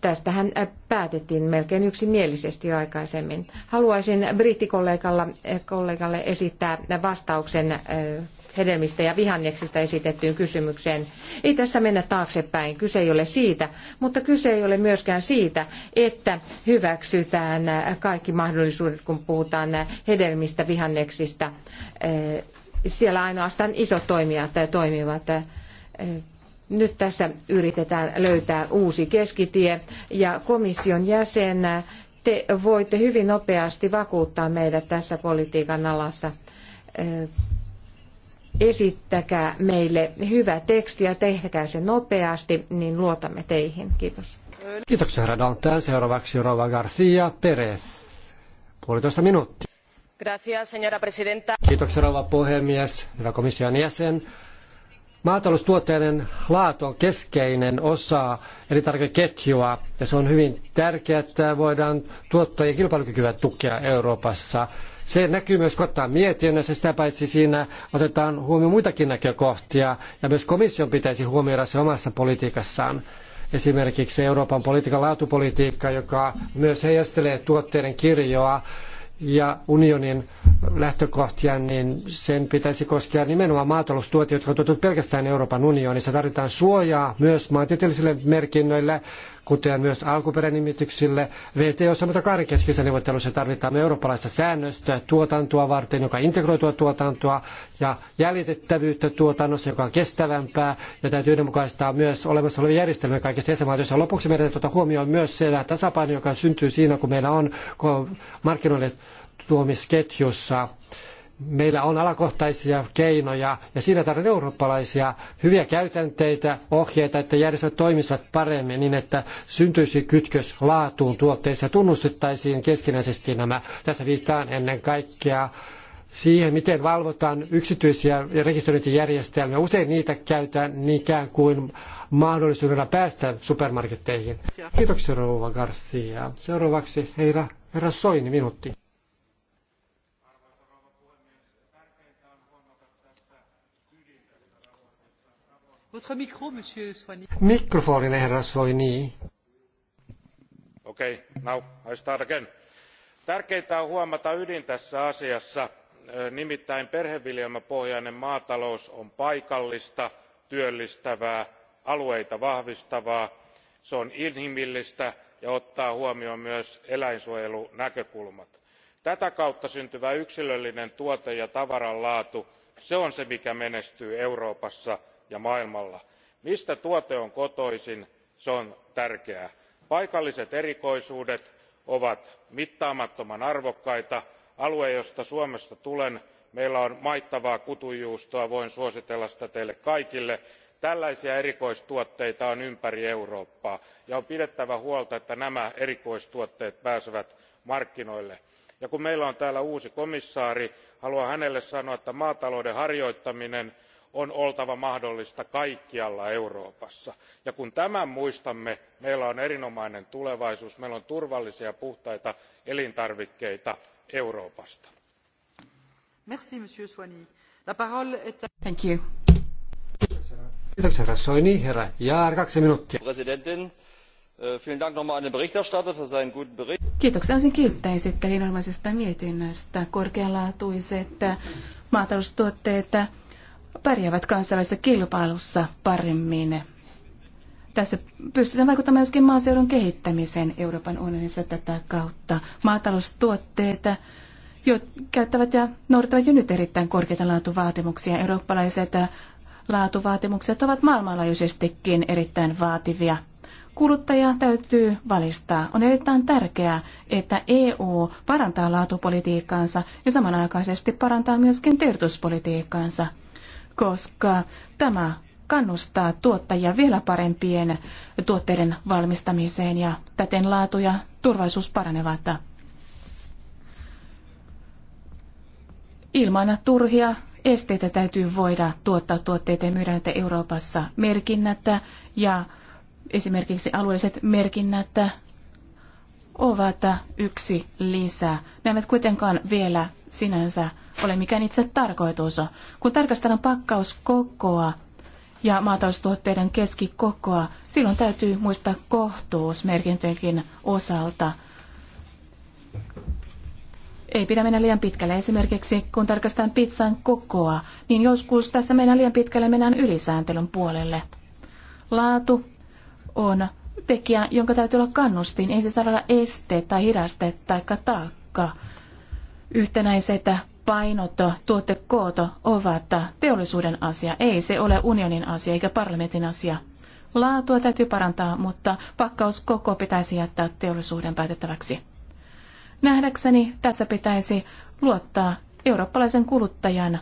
tästähän päätettiin melkein yksimielisesti jo aikaisemmin. Haluaisin brittikollegalle esittää vastauksen hedelmistä ja vihanneksista esitettyyn kysymykseen. Ei tässä mennä taaksepäin, kyse ei ole siitä, mutta kyse ei ole myöskään siitä, että hyväksytään kaikki mahdollisuudet, kun puhutaan hedelmistä, vihanneksista. Eh, siellä ainoastaan isot toimijat toimivat. Eh, nyt tässä yritetään löytää uusi keskitie ja komission jäsen, te voitte hyvin nopeasti vakuuttaa meidät tässä politiikan alassa eh, esittäkää meille hyvä teksti ja tehkää se nopeasti, niin luotamme teihin. Kiitos. Kiitoksia herra Dantan. Seuraavaksi Rova Garcia Perez. Puolitoista minuuttia. Gracias, señora presidenta. Kiitoksia rouva puhemies, hyvä komission jäsen. Maataloustuotteiden laatu on keskeinen osa elintarvikeketjua ja se on hyvin tärkeää, että voidaan tuottaa tuottajien kilpailukykyä tukea Euroopassa – se näkyy myös kottaa mietinnössä, sitä paitsi siinä otetaan huomioon muitakin näkökohtia, ja myös komission pitäisi huomioida se omassa politiikassaan. Esimerkiksi Euroopan politiikan laatupolitiikka, joka myös heijastelee tuotteiden kirjoa ja unionin lähtökohtia, niin sen pitäisi koskea nimenomaan maataloustuotteita, jotka on tuotettu pelkästään Euroopan unionissa. Tarvitaan suojaa myös maantieteellisille merkinnöille, kuten myös alkuperänimityksille. VTO 102 keskisessä neuvottelussa tarvitaan eurooppalaista säännöstä tuotantoa varten, joka on integroitua tuotantoa ja jäljitettävyyttä tuotannossa, joka on kestävämpää ja täytyy yhdenmukaistaa myös olemassa olevia järjestelmiä kaikissa jäsenvaltioissa. Lopuksi meidän tuota huomioon myös se tasapaino, joka syntyy siinä, kun meillä on markkinoille tuomisketjussa meillä on alakohtaisia keinoja ja siinä tarvitaan eurooppalaisia hyviä käytänteitä, ohjeita, että järjestöt toimisivat paremmin niin, että syntyisi kytkös laatuun tuotteissa ja tunnustettaisiin keskinäisesti nämä. Tässä viittaan ennen kaikkea siihen, miten valvotaan yksityisiä rekisteröintijärjestelmiä. Usein niitä käytetään ikään kuin mahdollisuudena päästä supermarketteihin. Kiitoksia rouva Garcia. Seuraavaksi herra, herra Soini minuutti. Mikrofoni, herra Soini. Okei, okay, now I start again. Tärkeintä on huomata ydin tässä asiassa, nimittäin perheviljelmäpohjainen maatalous on paikallista, työllistävää, alueita vahvistavaa, se on inhimillistä ja ottaa huomioon myös eläinsuojelunäkökulmat. Tätä kautta syntyvä yksilöllinen tuote ja tavaran laatu, se on se mikä menestyy Euroopassa – ja maailmalla. mistä tuote on kotoisin se on tärkeää. paikalliset erikoisuudet ovat mittaamattoman arvokkaita. alueella josta suomesta tulen meillä on maittavaa kutunjuustoa voin suositella sitä teille kaikille. tällaisia erikoistuotteita on ympäri eurooppaa ja on pidettävä huolta että nämä erikoistuotteet pääsevät markkinoille. ja kun meillä on täällä uusi komissaari haluan hänelle sanoa että maatalouden harjoittaminen on oltava mahdollista kaikkialla euroopassa ja kun tämän muistamme meillä on erinomainen tulevaisuus meillä on turvallisia ja puhtaita elintarvikkeita euroopasta. Kiitoksia ensin kiittää esittelijän erinomaisesta mietinnöstä. Korkealaatuiset äh, maataloustuotteet pärjäävät kansainvälisessä kilpailussa paremmin. Tässä pystytään vaikuttamaan myöskin maaseudun kehittämiseen Euroopan unionissa tätä kautta. Maataloustuotteita jo käyttävät ja noudattavat jo nyt erittäin korkeita laatuvaatimuksia. Eurooppalaiset laatuvaatimukset ovat maailmanlaajuisestikin erittäin vaativia. Kuluttajaa täytyy valistaa. On erittäin tärkeää, että EU parantaa laatupolitiikkaansa ja samanaikaisesti parantaa myöskin tiedotuspolitiikkaansa koska tämä kannustaa tuottajia vielä parempien tuotteiden valmistamiseen ja täten laatu ja turvallisuus paranevat. Ilman turhia esteitä täytyy voida tuottaa tuotteita ja myydä näitä Euroopassa merkinnät ja esimerkiksi alueelliset merkinnät ovat yksi lisä. Ne eivät kuitenkaan vielä sinänsä ole mikään itse tarkoitus. Kun tarkastellaan pakkauskokoa ja maataloustuotteiden keskikokoa, silloin täytyy muistaa kohtuus merkintöjenkin osalta. Ei pidä mennä liian pitkälle. Esimerkiksi kun tarkastetaan pizzan kokoa, niin joskus tässä mennään liian pitkälle, mennään ylisääntelyn puolelle. Laatu on tekijä, jonka täytyy olla kannustin. Ei se saa olla este tai hidaste tai taakka. Yhtenäiset painot, tuottekoot ovat teollisuuden asia. Ei se ole unionin asia eikä parlamentin asia. Laatua täytyy parantaa, mutta pakkauskoko pitäisi jättää teollisuuden päätettäväksi. Nähdäkseni tässä pitäisi luottaa eurooppalaisen kuluttajan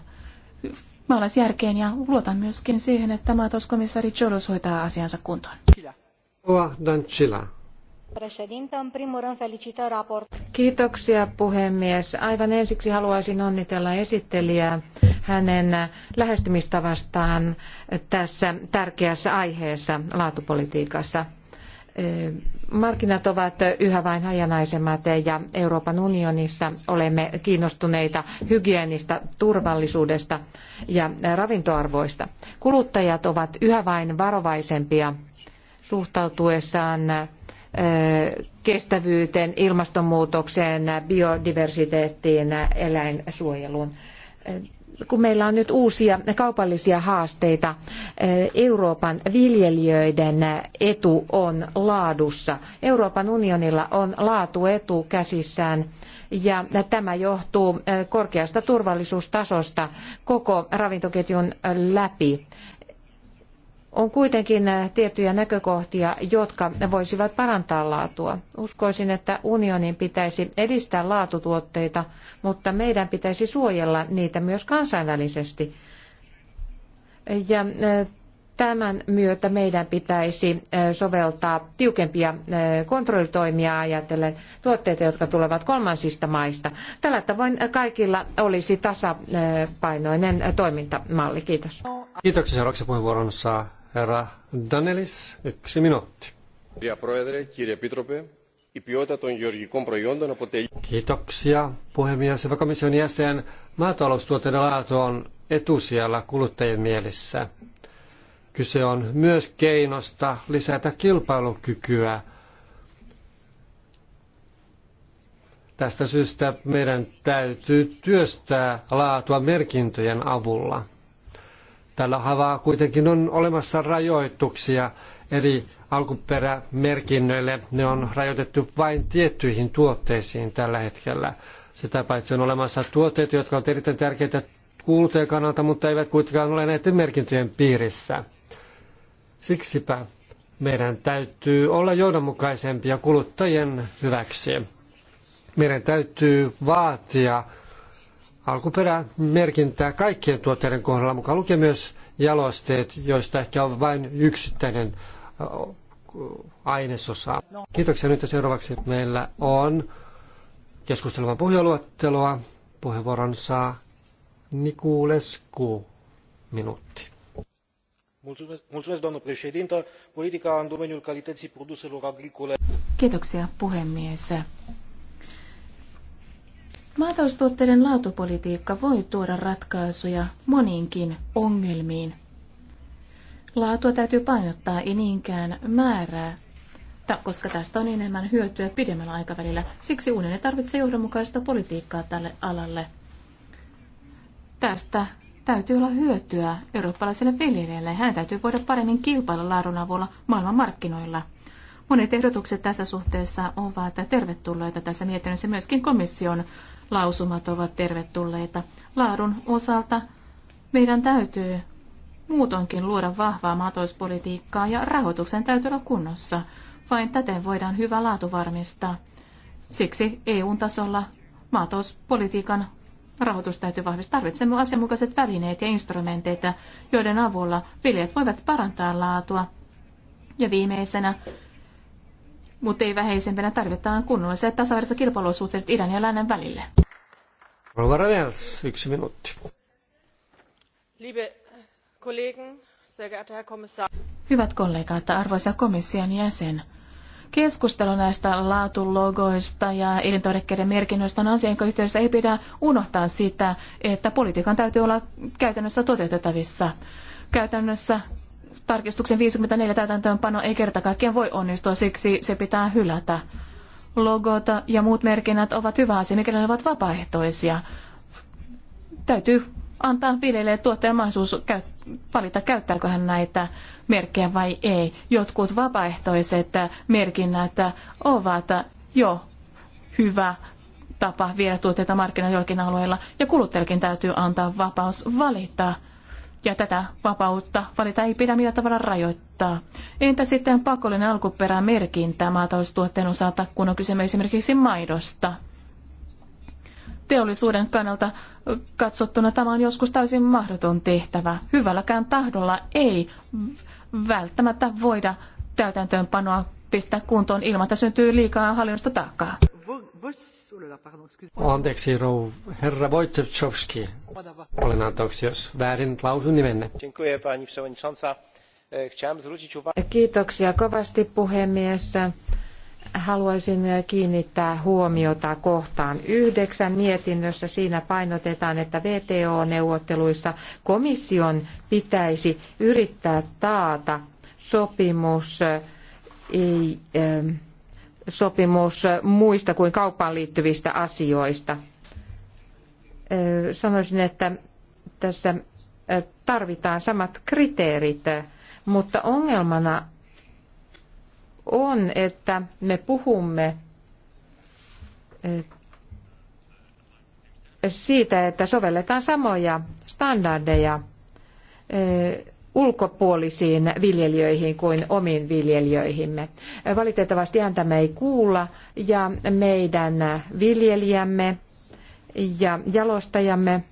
maalaisjärkeen ja luotan myöskin siihen, että maatalouskomissaari Cholos hoitaa asiansa kuntoon. Danchila. Kiitoksia puhemies. Aivan ensiksi haluaisin onnitella esittelijää hänen lähestymistavastaan tässä tärkeässä aiheessa laatupolitiikassa. Markkinat ovat yhä vain hajanaisemmat ja Euroopan unionissa olemme kiinnostuneita hygienistä, turvallisuudesta ja ravintoarvoista. Kuluttajat ovat yhä vain varovaisempia suhtautuessaan kestävyyteen, ilmastonmuutokseen, biodiversiteettiin, eläinsuojeluun. Kun meillä on nyt uusia kaupallisia haasteita, Euroopan viljelijöiden etu on laadussa. Euroopan unionilla on laatuetu käsissään ja tämä johtuu korkeasta turvallisuustasosta koko ravintoketjun läpi on kuitenkin eh, tiettyjä näkökohtia, jotka voisivat parantaa laatua. Uskoisin, että unionin pitäisi edistää laatutuotteita, mutta meidän pitäisi suojella niitä myös kansainvälisesti. Ja eh, tämän myötä meidän pitäisi eh, soveltaa tiukempia kontrollitoimia ajatellen tuotteita, jotka tulevat kolmansista maista. Tällä tavoin kaikilla olisi tasapainoinen toimintamalli. Kiitos. Kiitoksia. Seuraavaksi puheenvuoron saa Herra Danelis, yksi minuutti. Kiitoksia puhemies Hyvä komission jäsen. Maataloustuotteiden laatu on etusijalla kuluttajien mielessä. Kyse on myös keinosta lisätä kilpailukykyä. Tästä syystä meidän täytyy työstää laatua merkintöjen avulla. Tällä havaa kuitenkin on olemassa rajoituksia eri alkuperämerkinnöille. Ne on rajoitettu vain tiettyihin tuotteisiin tällä hetkellä. Sitä paitsi on olemassa tuotteita, jotka ovat erittäin tärkeitä kuluttajan kannalta, mutta eivät kuitenkaan ole näiden merkintöjen piirissä. Siksipä meidän täytyy olla johdonmukaisempia kuluttajien hyväksi. Meidän täytyy vaatia alkuperämerkintää kaikkien tuotteiden kohdalla, mukaan lukien myös jalosteet, joista ehkä on vain yksittäinen äh, ainesosa. No. Kiitoksia nyt ja seuraavaksi meillä on keskustelevan pohjaluetteloa. Puheenvuoron saa Niculescu minuutti. agricole. Kiitoksia, puhemies. Maataloustuotteiden laatupolitiikka voi tuoda ratkaisuja moniinkin ongelmiin. Laatua täytyy painottaa ei niinkään määrää, koska tästä on enemmän hyötyä pidemmällä aikavälillä. Siksi unioni tarvitsee johdonmukaista politiikkaa tälle alalle. Tästä täytyy olla hyötyä eurooppalaiselle viljelijälle. Hän täytyy voida paremmin kilpailla laadun avulla maailmanmarkkinoilla. Monet ehdotukset tässä suhteessa ovat tervetulleita tässä mietinnössä. Myöskin komission lausumat ovat tervetulleita. Laadun osalta meidän täytyy muutoinkin luoda vahvaa maatalouspolitiikkaa ja rahoituksen täytyy olla kunnossa. Vain täten voidaan hyvä laatu varmistaa. Siksi EU-tasolla maatalouspolitiikan rahoitus täytyy vahvistaa. Tarvitsemme asianmukaiset välineet ja instrumenteita, joiden avulla viljelijät voivat parantaa laatua. Ja viimeisenä mutta ei vähäisempänä tarvitaan kunnolliset tasavertaiset kilpailusuhteet idän ja lännen välille. Rova yksi minuutti. Liebe Kollegen, sehr geehrter Herr Kommissar. Hyvät kollegat, arvoisa komission jäsen. Keskustelu näistä laatulogoista ja elintarvikkeiden merkinnöistä on asia, jonka yhteydessä ei pidä unohtaa sitä, että politiikan täytyy olla käytännössä toteutettavissa. Käytännössä tarkistuksen 54 täytäntöönpano ei kerta kaikkiaan voi onnistua, siksi se pitää hylätä. Logot ja muut merkinnät ovat hyvä asia, mikäli ne ovat vapaaehtoisia. Täytyy antaa viljelijälle tuottajan mahdollisuus valita, käyttääkö hän näitä merkkejä vai ei. Jotkut vapaaehtoiset merkinnät ovat jo hyvä tapa viedä tuotteita markkinoilla jollakin alueella, ja kuluttajakin täytyy antaa vapaus valita ja tätä vapautta valita ei pidä millään tavalla rajoittaa. Entä sitten pakollinen alkuperä merkintä maataloustuotteen osalta, kun on kyse esimerkiksi maidosta? Teollisuuden kannalta katsottuna tämä on joskus täysin mahdoton tehtävä. Hyvälläkään tahdolla ei välttämättä voida täytäntöönpanoa pistää kuntoon ilman, että syntyy liikaa hallinnosta taakkaa. Oh, anteeksi, rouv, herra Wojciechowski. Olen anteeksi, jos väärin lausun nimenne. Niin Kiitoksia kovasti puhemies. Haluaisin kiinnittää huomiota kohtaan yhdeksän mietinnössä. Siinä painotetaan, että VTO-neuvotteluissa komission pitäisi yrittää taata sopimus ei, ähm, sopimus muista kuin kauppaan liittyvistä asioista. Sanoisin, että tässä tarvitaan samat kriteerit, mutta ongelmana on, että me puhumme siitä, että sovelletaan samoja standardeja ulkopuolisiin viljelijöihin kuin omiin viljelijöihimme. Valitettavasti ääntämme ei kuulla ja meidän viljelijämme ja jalostajamme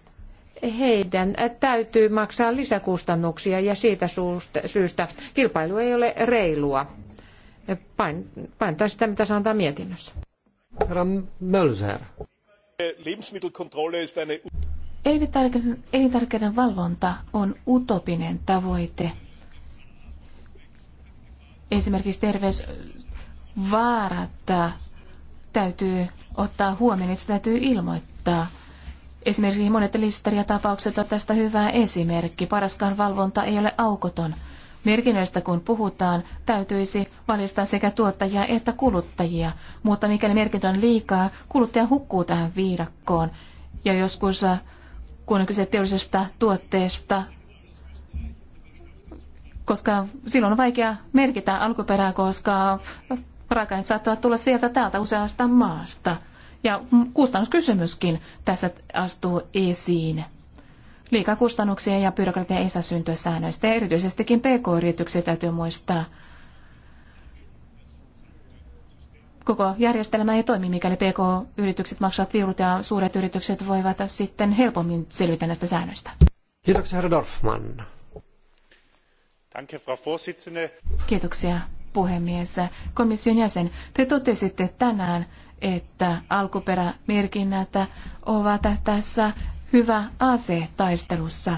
heidän täytyy maksaa lisäkustannuksia ja siitä syystä kilpailu ei ole reilua. Painotan sitä, mitä sanotaan mietinnössä. Herra Mölser. Elintarkeiden, elintarkeiden valvonta on utopinen tavoite. Esimerkiksi terveysvaarat täytyy ottaa huomioon, että se täytyy ilmoittaa. Esimerkiksi monet listeriatapaukset ovat tästä hyvä esimerkki. Paraskaan valvonta ei ole aukoton. Merkinnöistä kun puhutaan, täytyisi valistaa sekä tuottajia että kuluttajia, mutta mikäli merkintö on liikaa, kuluttaja hukkuu tähän viidakkoon. Ja joskus kun on kyse teollisesta tuotteesta, koska silloin on vaikea merkitä alkuperää, koska raaka-aineet saattavat tulla sieltä täältä useasta maasta. Ja kustannuskysymyskin tässä astuu esiin. Liikakustannuksia ja byrokratia ei saa syntyä säännöistä. Ja erityisestikin pk-yrityksiä täytyy muistaa – koko järjestelmä ei toimi, mikäli PK-yritykset maksavat viulut ja suuret yritykset voivat sitten helpommin selvitä näistä säännöistä. Kiitoksia, herra Dorfman. Kiitoksia, puhemies. Komission jäsen, te totesitte tänään, että alkuperämerkinnät ovat tässä hyvä ase taistelussa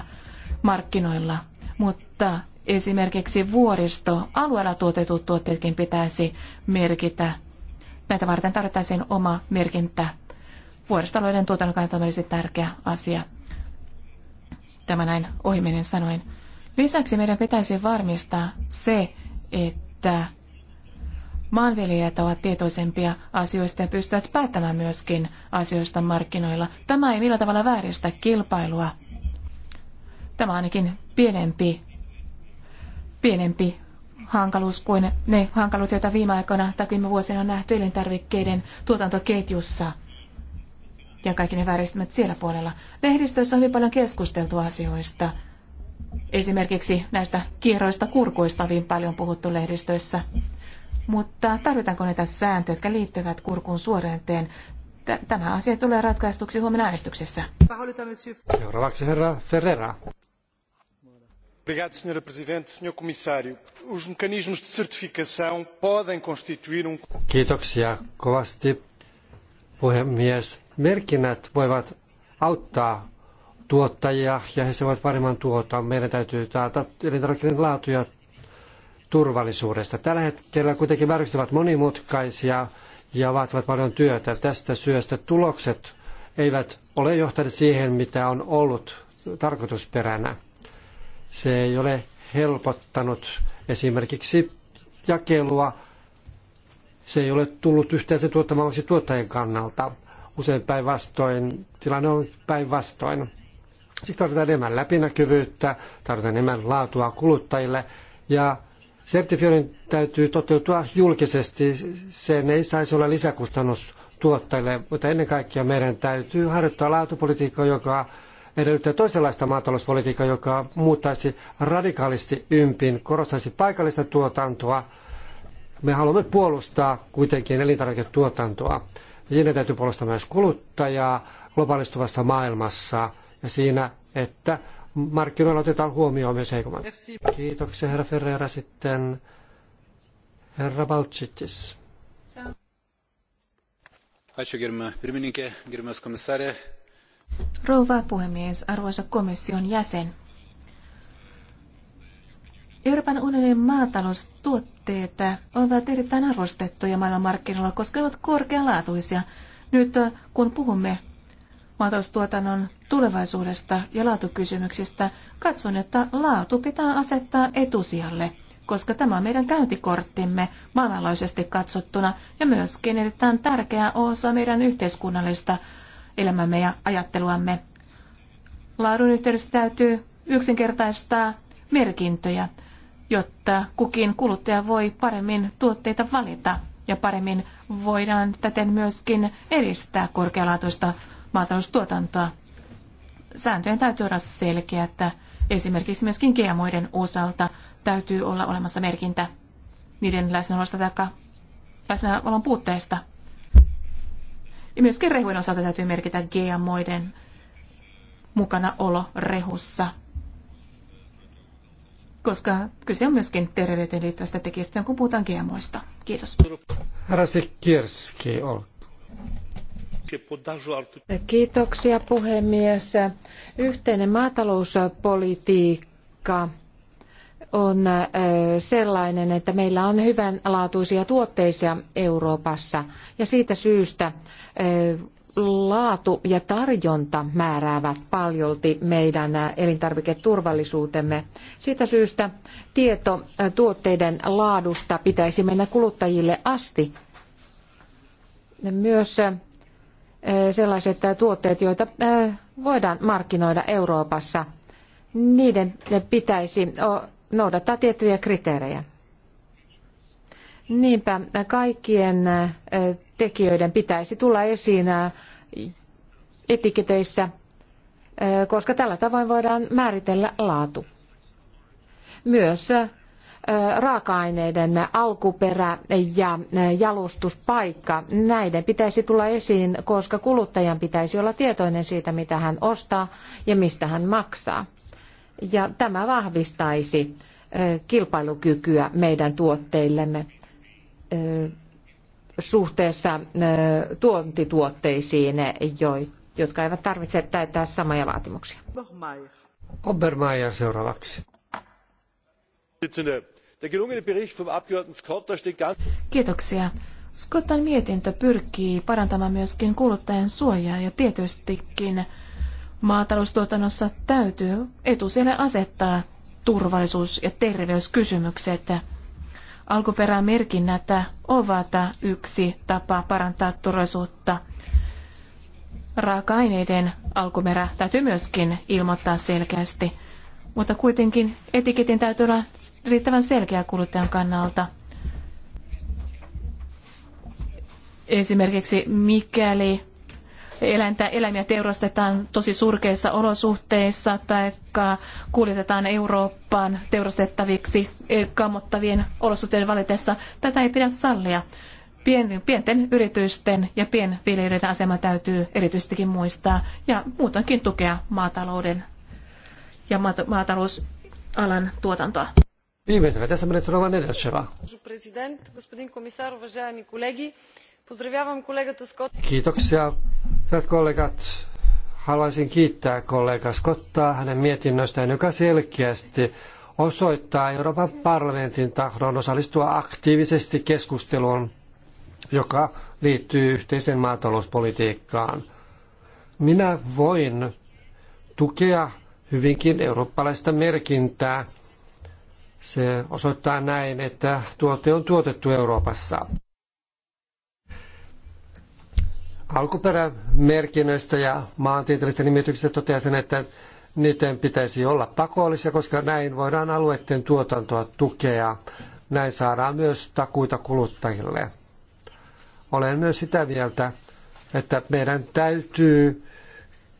markkinoilla, mutta esimerkiksi vuoristoalueella tuotetut tuotteetkin pitäisi merkitä Näitä varten tarvittaisiin oma merkintä. Vuoristalouden tuotannon kannalta on olisi tärkeä asia. Tämä näin ohimenen sanoin. Lisäksi meidän pitäisi varmistaa se, että maanviljelijät ovat tietoisempia asioista ja pystyvät päättämään myöskin asioista markkinoilla. Tämä ei millään tavalla vääristä kilpailua. Tämä on ainakin pienempi, pienempi hankaluus kuin ne hankaluudet, joita viime aikoina tai viime vuosina on nähty elintarvikkeiden tuotantoketjussa ja kaikki ne vääristymät siellä puolella. Lehdistössä on hyvin paljon keskusteltu asioista. Esimerkiksi näistä kierroista kurkuista on hyvin paljon puhuttu lehdistössä. Mutta tarvitaanko näitä sääntöjä, jotka liittyvät kurkun suorenteen? Tämä asia tulee ratkaistuksi huomenna äänestyksessä. Seuraavaksi herra Ferrera senhora presidente senhor comissário os mecanismos de certificação podem constituir um Kiitoksia kovasti puhemies. Merkinnät voivat auttaa tuottajia ja he saavat paremman tuoton. Meidän täytyy taata elintarvikkeiden laatu ja turvallisuudesta. Tällä hetkellä kuitenkin määräykset ovat monimutkaisia ja vaativat paljon työtä. Tästä syystä tulokset eivät ole johtaneet siihen, mitä on ollut tarkoitusperänä se ei ole helpottanut esimerkiksi jakelua. Se ei ole tullut yhteensä tuottamaksi tuottajien kannalta. Usein päinvastoin, tilanne on päinvastoin. Siksi tarvitaan enemmän läpinäkyvyyttä, tarvitaan enemmän laatua kuluttajille ja sertifioinnin täytyy toteutua julkisesti. Sen ei saisi olla lisäkustannus tuottajille, mutta ennen kaikkea meidän täytyy harjoittaa laatupolitiikkaa, joka edellyttää toisenlaista maatalouspolitiikkaa, joka muuttaisi radikaalisti ympin, korostaisi paikallista tuotantoa. Me haluamme puolustaa kuitenkin elintarviketuotantoa. Siinä täytyy puolustaa myös kuluttajaa globaalistuvassa maailmassa ja siinä, että markkinoilla otetaan huomioon myös heikommat. Kiitoksia herra Ferreira sitten. Herra Balčitis. Ačiū, pirmininkė, gerbiamas komisarė. Rouva puhemies, arvoisa komission jäsen. Euroopan unionin maataloustuotteet ovat erittäin arvostettuja maailmanmarkkinoilla, koska ne ovat korkealaatuisia. Nyt äh, kun puhumme maataloustuotannon tulevaisuudesta ja laatukysymyksistä, katson, että laatu pitää asettaa etusijalle, koska tämä on meidän käyntikorttimme maailmanlaajuisesti katsottuna ja myöskin erittäin tärkeä osa meidän yhteiskunnallista elämämme ja ajatteluamme. Laadun yhteydessä täytyy yksinkertaistaa merkintöjä, jotta kukin kuluttaja voi paremmin tuotteita valita ja paremmin voidaan täten myöskin edistää korkealaatuista maataloustuotantoa. Sääntöjen täytyy olla selkeä, että esimerkiksi myöskin GMOiden osalta täytyy olla olemassa merkintä niiden läsnäolosta tai läsnäolon puutteesta. Ja myöskin rehujen osalta täytyy merkitä GMOiden mukana olo rehussa, koska kyse on myöskin terveyteen liittyvästä tekijästä, kun puhutaan GMOista. Kiitos. Kiitoksia puhemies. Yhteinen maatalouspolitiikka on sellainen, että meillä on hyvänlaatuisia tuotteisia Euroopassa ja siitä syystä laatu ja tarjonta määräävät paljolti meidän elintarviketurvallisuutemme. Siitä syystä tieto tuotteiden laadusta pitäisi mennä kuluttajille asti. Myös sellaiset tuotteet, joita voidaan markkinoida Euroopassa, niiden pitäisi noudattaa tiettyjä kriteerejä. Niinpä kaikkien tekijöiden pitäisi tulla esiin etiketeissä, koska tällä tavoin voidaan määritellä laatu. Myös raaka-aineiden alkuperä ja jalostuspaikka, näiden pitäisi tulla esiin, koska kuluttajan pitäisi olla tietoinen siitä, mitä hän ostaa ja mistä hän maksaa ja tämä vahvistaisi kilpailukykyä meidän tuotteillemme suhteessa tuontituotteisiin, jotka eivät tarvitse täyttää samoja vaatimuksia. Obermeier seuraavaksi. Kiitoksia. Scottan mietintö pyrkii parantamaan myöskin kuluttajan suojaa ja tietystikin maataloustuotannossa täytyy etusijalle asettaa turvallisuus- ja terveyskysymykset. Alkuperämerkinnät ovat yksi tapa parantaa turvallisuutta. Raaka-aineiden alkuperä täytyy myöskin ilmoittaa selkeästi, mutta kuitenkin etiketin täytyy olla riittävän selkeä kuluttajan kannalta. Esimerkiksi mikäli eläintä, eläimiä teurastetaan tosi surkeissa olosuhteissa tai kuljetetaan Eurooppaan teurastettaviksi e, kammottavien olosuhteiden valitessa. Tätä ei pidä sallia. Pienten yritysten ja pienviljelijöiden asema täytyy erityisestikin muistaa ja muutenkin tukea maatalouden ja maatalousalan tuotantoa. Viimeisenä tässä menet Rovan Pozdravljam kollegata Scott. Kiitoksia. Hyvät kollegat, haluaisin kiittää kollega Scottaa hänen mietinnöstään, joka selkeästi osoittaa Euroopan parlamentin tahdon osallistua aktiivisesti keskusteluun, joka liittyy yhteiseen maatalouspolitiikkaan. Minä voin tukea hyvinkin eurooppalaista merkintää. Se osoittaa näin, että tuote on tuotettu Euroopassa alkuperämerkinnöistä ja maantieteellisistä nimityksistä sen, että niiden pitäisi olla pakollisia, koska näin voidaan alueiden tuotantoa tukea. Näin saadaan myös takuita kuluttajille. Olen myös sitä mieltä, että meidän täytyy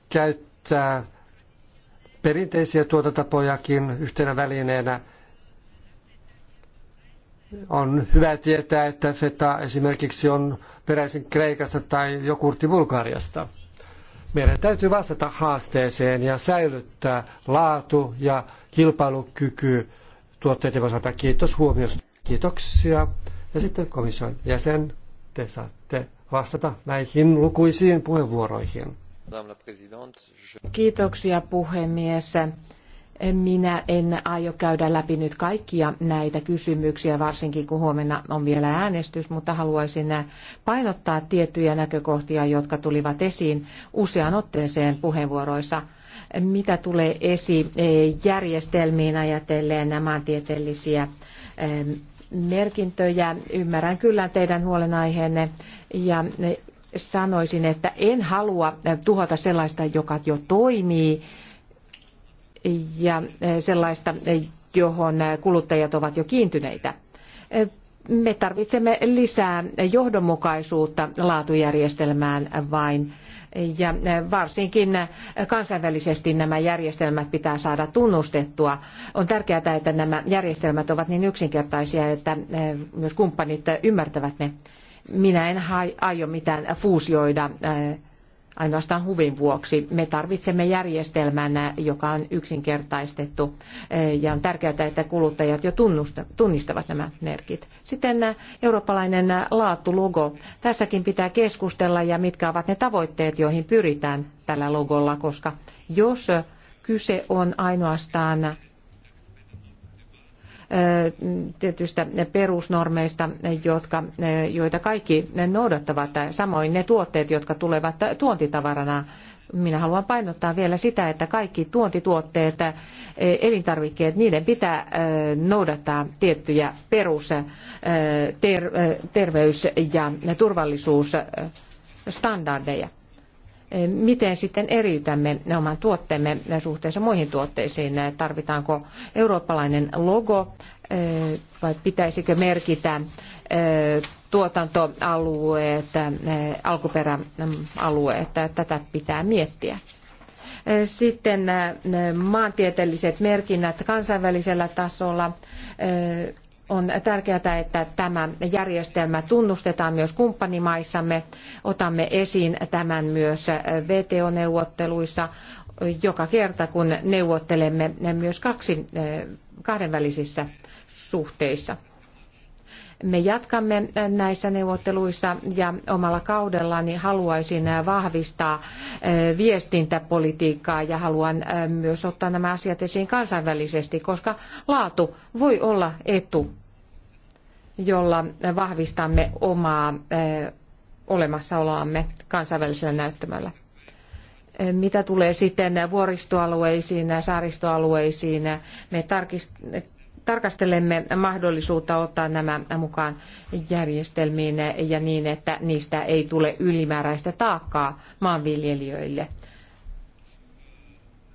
käyttää perinteisiä tuotantapojakin yhtenä välineenä – on hyvä tietää, että feta esimerkiksi on peräisin Kreikasta tai jokurtti Bulgariasta. Meidän täytyy vastata haasteeseen ja säilyttää laatu ja kilpailukyky tuotteiden osalta. Kiitos huomiosta. Kiitoksia. Ja sitten komission jäsen, te saatte vastata näihin lukuisiin puheenvuoroihin. Kiitoksia puhemies. Minä en aio käydä läpi nyt kaikkia näitä kysymyksiä, varsinkin kun huomenna on vielä äänestys, mutta haluaisin painottaa tiettyjä näkökohtia, jotka tulivat esiin usean otteeseen puheenvuoroissa. Mitä tulee järjestelmiin ajatellen tieteellisiä merkintöjä. Ymmärrän kyllä teidän huolenaiheenne ja sanoisin, että en halua tuhota sellaista, joka jo toimii ja eh, sellaista, eh, johon eh, kuluttajat ovat jo kiintyneitä. Me tarvitsemme lisää johdonmukaisuutta laatujärjestelmään vain. Ja varsinkin kansainvälisesti nämä järjestelmät pitää saada tunnustettua. On tärkeää, että nämä järjestelmät ovat niin yksinkertaisia, että myös kumppanit ymmärtävät ne. Minä en aio mitään fuusioida ainoastaan huvin vuoksi. Me tarvitsemme järjestelmän, joka on yksinkertaistettu eh, ja on tärkeää, että kuluttajat jo tunnistavat nämä merkit. Sitten eh, eurooppalainen eh, laatulogo. Tässäkin pitää keskustella ja mitkä ovat ne tavoitteet, joihin pyritään tällä logolla, koska jos kyse on ainoastaan tietyistä perusnormeista, jotka, joita kaikki noudattavat. Samoin ne tuotteet, jotka tulevat tuontitavarana minä haluan painottaa vielä sitä, että kaikki tuontituotteet, elintarvikkeet, niiden pitää noudattaa tiettyjä perusterveys- ja turvallisuusstandardeja miten sitten eriytämme oman tuotteemme suhteessa muihin tuotteisiin? Tarvitaanko eurooppalainen logo eh, vai pitäisikö merkitä eh, tuotantoalueet, eh, alkuperäalueet? Tätä pitää miettiä. Sitten maantieteelliset merkinnät kansainvälisellä tasolla on tärkeää, että tämä järjestelmä tunnustetaan myös kumppanimaissamme. Otamme esiin tämän myös VTO-neuvotteluissa joka kerta, kun neuvottelemme myös kaksi, eh, kahdenvälisissä suhteissa. Me jatkamme näissä neuvotteluissa ja omalla kaudellani haluaisin vahvistaa eh, viestintäpolitiikkaa ja haluan eh, myös ottaa nämä asiat esiin kansainvälisesti, koska laatu voi olla etu jolla vahvistamme omaa eh, olemassaoloamme kansainvälisellä näyttämällä. Eh, mitä tulee sitten vuoristoalueisiin, ja saaristoalueisiin, me tarkastelemme mahdollisuutta ottaa nämä mukaan järjestelmiin ja niin, että niistä ei tule ylimääräistä taakkaa maanviljelijöille.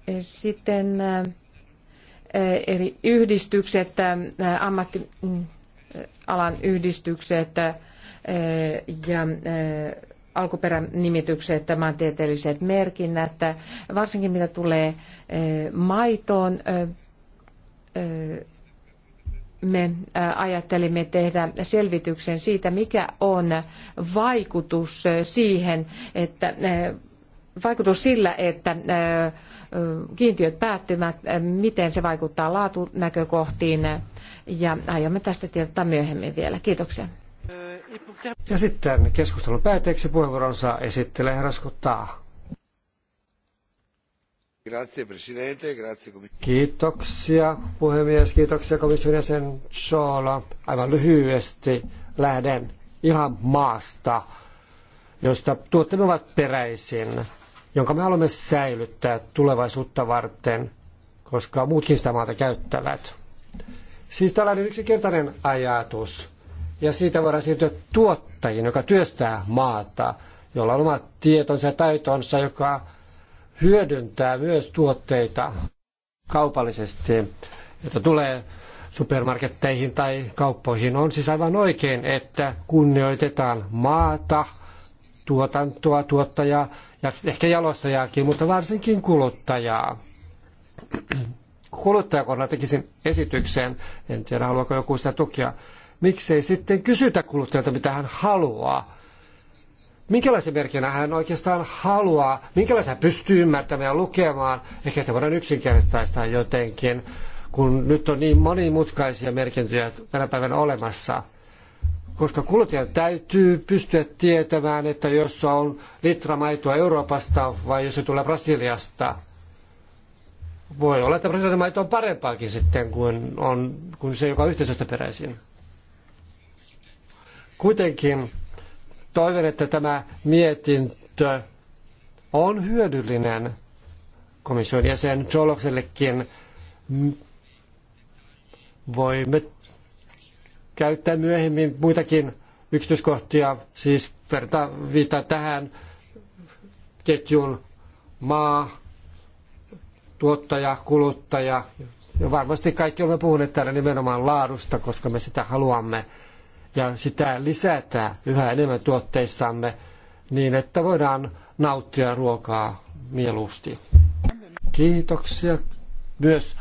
Eh, sitten eri yhdistykset, ammatti, mm, alan yhdistykset ja alkuperänimitykset, maantieteelliset merkinnät, varsinkin mitä tulee maitoon. Me ajattelimme tehdä selvityksen siitä, mikä on vaikutus siihen, että vaikutus sillä, että kiintiöt päättymät, miten se vaikuttaa laatunäkökohtiin ja aiomme tästä tiedottaa myöhemmin vielä. Kiitoksia. Ja sitten keskustelun päätteeksi puheenvuoron saa esittelee herra Kiitoksia puhemies, kiitoksia komission jäsen Chola. Aivan lyhyesti lähden ihan maasta, josta tuotteemme ovat peräisin jonka me haluamme säilyttää tulevaisuutta varten, koska muutkin sitä maata käyttävät. Siis tällainen yksinkertainen ajatus. Ja siitä voidaan siirtyä tuottajiin, joka työstää maata, jolla on omat tietonsa ja taitonsa, joka hyödyntää myös tuotteita kaupallisesti, että tulee supermarketteihin tai kauppoihin. On siis aivan oikein, että kunnioitetaan maata, tuotantoa, tuottajaa ja ehkä jalostajaakin, mutta varsinkin kuluttajaa. Kuluttajakohdalla tekisin esityksen, en tiedä haluaako joku sitä tukia, miksei sitten kysytä kuluttajalta mitä hän haluaa. Minkälaisen merkinä hän oikeastaan haluaa, minkälaisen hän pystyy ymmärtämään ja lukemaan, ehkä se voidaan yksinkertaistaa jotenkin, kun nyt on niin monimutkaisia merkintöjä tänä päivänä olemassa – koska kuluttajan täytyy pystyä tietämään, että jos on litra maitoa Euroopasta vai jos se tulee Brasiliasta, voi olla, että brasilialainen maito on parempaakin sitten kuin, on, kuin se, joka on yhteisöstä peräisin. Kuitenkin toivon, että tämä mietintö on hyödyllinen komission jäsen Joloksellekin. Voimme käyttää myöhemmin muitakin yksityiskohtia, siis verta, viittaa tähän ketjun maa, tuottaja, kuluttaja. Ja varmasti kaikki olemme puhuneet täällä nimenomaan laadusta, koska me sitä haluamme. Ja sitä lisätään yhä enemmän tuotteissamme niin, että voidaan nauttia ruokaa mieluusti. Kiitoksia myös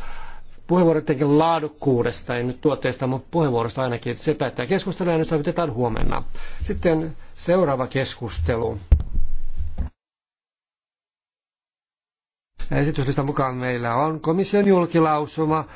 puheenvuoroidenkin laadukkuudesta, ei nyt tuotteesta, mutta puheenvuorosta ainakin, että se päättää keskustelua ja nyt toimitetaan huomenna. Sitten seuraava keskustelu. Esityslistan mukaan meillä on komission julkilausuma